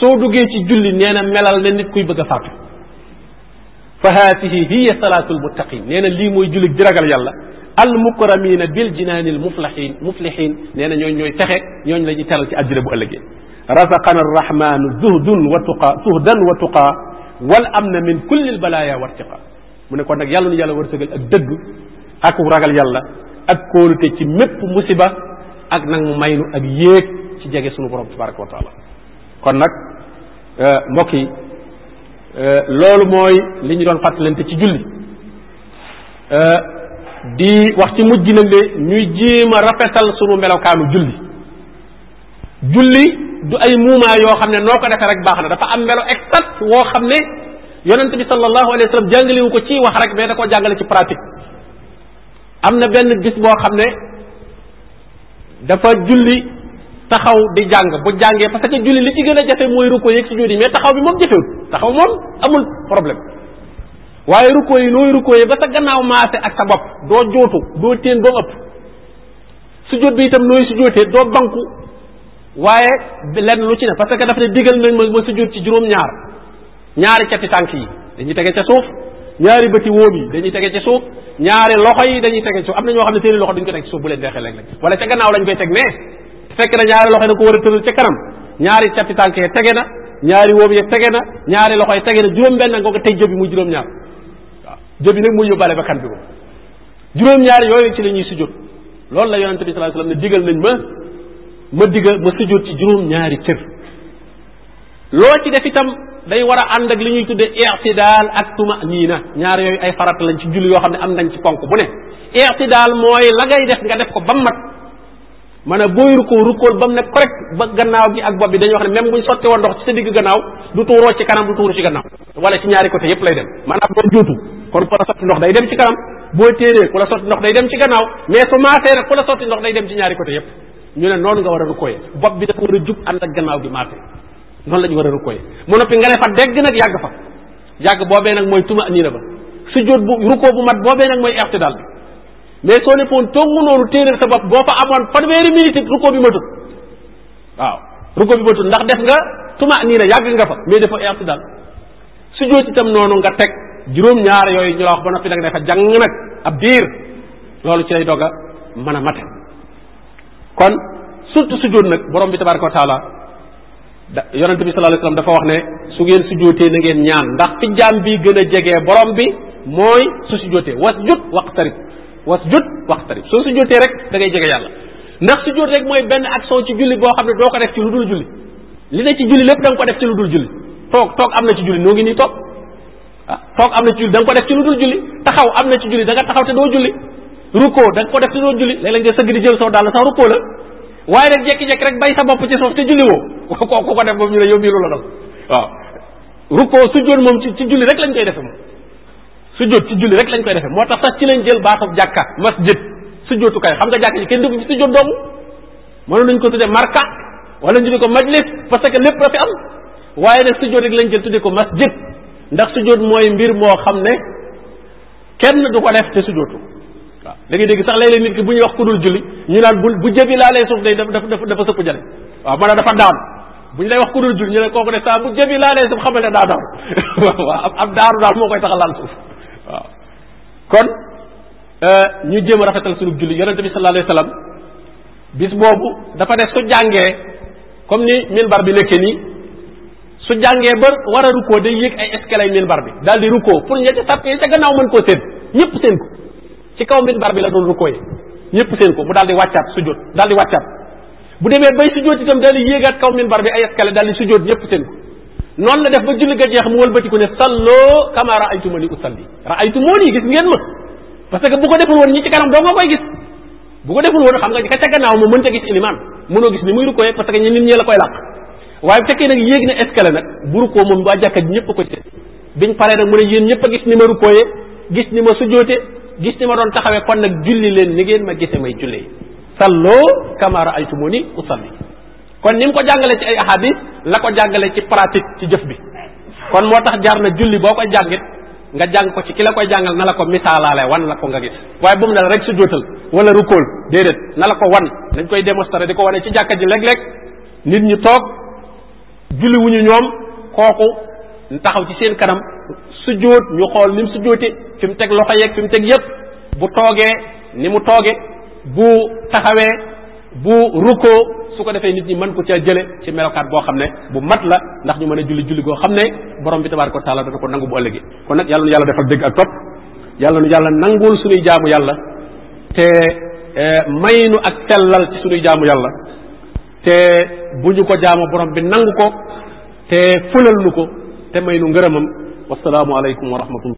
soo duggee ci julli nee na melal ne nit kuy bëgg a faatu fa haatihi hiya salaatu lmuttaqin nee na lii mooy julli di ragal yàlla al mukaramiina bil jinaanil muflaxiin muflixiin nee na ñooñu ñooy texe ñooñu la ñuy teral ci àjjana bu ëllëgee razaqana arrahmanu zuhdun wa tuqaa zuhdan wa tuqaa wal amna min kullil balaaya wartiqa mu ne kon nag yàlla nu yàlla wërsëgal ak dëgg ak ragal yàlla ak kóolute ci mépp musiba ak nag mu maynu ak yéeg ci jege sunu borom tabaraka wa taala kon nag euh, mbokk yi euh, loolu mooy li ñu doon fàttalante ci julli euh, di wax ci mujj nag de ñuy jéem a rafetal sunu melokaanu julli julli du ay muumaa yoo xam ne noo ko defee rek baax na dafa am melo exact woo xam ne yonent bi sallallahu alayhi wa sallam jàngalewu ko ci wax rek mais da ko jàngale ci pratique am na benn bis boo xam ne dafa julli taxaw di jàng bu jàngee parce que julli li ci gën a jafe mooy ruko yeeg sujjóot yi mais taxaw bi moom jafewul taxaw moom amul problème waaye rukkoo yi nooy rukkoo yi ba sa gannaaw maase ak sa bopp doo jootu doo téen doo ëpp bi itam nooy sujjóotee doo banku waaye lenn lu ci ne parce que dafa ne digal nañ ma sujjóot ci juróom-ñaar ñaari cati tànk yi dañuy tege ca suuf ñaari bëti wóom yi dañuy tege ci suuf ñaari loxo yi dañuy tege ci suuf ñoo xam ne seeni loxo duñ ko teg ci suuf bu leen deexee léeg-léeg wala ca gannaaw lañ koy teg ne fekk na ñaari loxo yi da ko war a tëral kanam ñaari cati yi tege na ñaari woob yi tege na ñaari loxo yi tege na juróom benn nga ko mu juróom-ñaar jë bi nag mooy yóbbaale bakkan bi moom juróom-ñaar yooyu ci la ñuy sujjóot loolu la yonente bi sallallahu alayhi wasallam ne digal nañ ma ma digal ma sujjóot ci juróom-ñaari cër loo ci def itam day war a ànd ak li ñuy tuddee i'tidaal ak tumaniina ñaar yooyu ay farata lañ ci julli yoo xam ne am nañ ci ponk bu ne i'tidaal mooy la ngay def nga def ko ba mat maanaam booy rukkoo rukkool ba mu ne correct ba gannaaw gi ak bopp bi dañuy wax ne même buñ sotti woon ndox ci sa digg gannaaw du tuuroo ci kanam du tuuru ci gannaaw wala ci ñaari côté yépp lay dem maanaam doo juutu kon ku la sotti ndox day dem ci boo téeree ku la sotti ndox day dem ci gannaaw mais su maasee rek ku la sotti ndox day dem ci ñaari côté yépp ñu ne noonu nga war a rukkooyee bopp bi dafa war a jub ànd ak gannaaw gi maasee noonu la war a rukkooyee mu noppi nga ne fa dégg nag yàgg fa mooy tuma niina ba sujjóot bu rukkoo bu mat boobee nag mooy i'tidal mais soo nekkoon tongu noonu téeréer sa bopp boo fa amoon fanweeri minute it ruko bi matut waaw ruko bi matut ndax def nga tuma nii na yàgg nga fa mais dafa erti daal su joot noonu nga teg juróom yooyu ñu la wax ba noppi nag dafa jàng nag ab diir loolu ci lay doga mën a mate kon surtout sujjóot nag borom bi tabaraka wa da yonente bi sallallahu dafa wax ne su ngeen sujjóotee na ngeen ñaan ndax fi jaam bi gën a jege borom bi mooy su sujjóotee wasjud waqtarib wasjud waqtarib soo sujjóotee rek da ngay jege yàlla ndax sujjóot rek mooy benn action ci julli boo xam ne doo ko def ci lu dul julli li ne ci julli lépp da nga ko def ci lu dul julli toog toog am na ci julli noo ngi nii toog ah am na ci ko def ci lu dul julli taxaw am na ci julli da nga taxaw te doo julli rukkoo da ko def te doo julli léeg-léeg nga sëgg di jël saw daal sax rukkoo la waaye nag jekki-jekki rek bay sa bopp ci suuf te julli woo ko ko ko def moom ñu ne yow mii loolu la dal waaw rukkoo sujjóot moom ci ci julli rek lañ koy defe sujjóot ci julli rek lañ koy defe moo tax sax ci lañ jël baatub jàkka masjid sujjóotukaay xam nga jàkka ji kenn dugg fi sujjóot doomu mënoon na ko tuddee marka wala ñu tuddee ko majlis parce que lépp dafa am waaye nag sujjóot rek lañ jël tuddee ko masjid ndax sujjóot mooy mbir moo xam ne kenn du ko def te sujjóotu waaw da ngay dégg sax léeg-léeg ñuy wax ku dul ñu naan bu bu jëbi laalee suuf day dafa dafa dafa sëpp jale waaw maanaam dafa daan bu ñu lay wax ku dul julli ne kooku ne saa bu jëbi laalee suuf daa daan waaw daaru daal moo koy tax laal suuf kon euh, ñu jéem a rafetal sunu julli yonente bi sallallahu alayhi wasallam bis boobu dafa ne su jàngee comme ni minbar bi nekkee nii su jàngee ba war a rukkoo day yéeg ay escalier minbar bi daal di rukkoo pour ña ca sàpp ca gannaaw mën koo seen ñëpp seen ko ci kaw minbar bi la doon rukkoo yi ñëpp seen ko mu daal di wàccaat sujjóot daal di wàccaat bu demee bay sujjóot itam daal di yéegaat kaw minbar bi ay escalier daal di sujjóot ñëpp seen ko noonu la def ba julli ga jeex mu wëlbatiku ne salloo kama raaytumani usalli raaytumuni gis ngeen ma parce que bu ko deful woon ñi ci ko deful woon xam nga ka ca ma mënta gis ilimaan mënoo gis ni muy rukkoo parce que ñi nit ñi la koy làq waaye bu fekkee nag yéeg na escale nag bu rukkoo moom waa jàkka ji ñëpp ko ci biñ paree nag mu ne yéen ñëpp a gis ni ma rukkooyee ma sujoote gis ni ma doon taxawee kon nag julli leen ni ngeen ma gise may jullee salloo kama raaytumuni usalli kon ni mu ko jàngale ci ay ahadis la ko jàngale ci pratique ci jëf bi kon moo tax jaar na julli boo koy jàngit nga jàng ko ci ki la koy jàngal na la ko misaalaale wan la ko nga gis waaye bu mu ne rek su jóotal wala rukkóol déedéet na la ko wan dañ koy démontrer di ko wane ci jàkka ji léeg-léeg nit ñi toog julli wu ñu ñoom kooku taxaw ci seen kanam su jóot ñu xool ni mu su fi mu teg loxo yeeg fi mu teg yëpp bu toogee ni mu toogee bu bu rukkoo su ko defee nit ñi mën ko caa jële ci melokaat boo xam ne bu mat la ndax ñu mën a julli julli goo xam ne borom bi tabaaraka ko taala dana ko nangu bu ëllëgi kon nag yàlla nu yàlla defal dégg ak topp yàlla nu yàlla nangul suñuy jaamu yàlla te eh, may nu ak sellal ci suñuy jaamu yàlla te bu ñu ko jaamu borom bi nangu ko te fëlal nu ko te may nu ngërëmam wasalaamu aleykum wa rahmatullah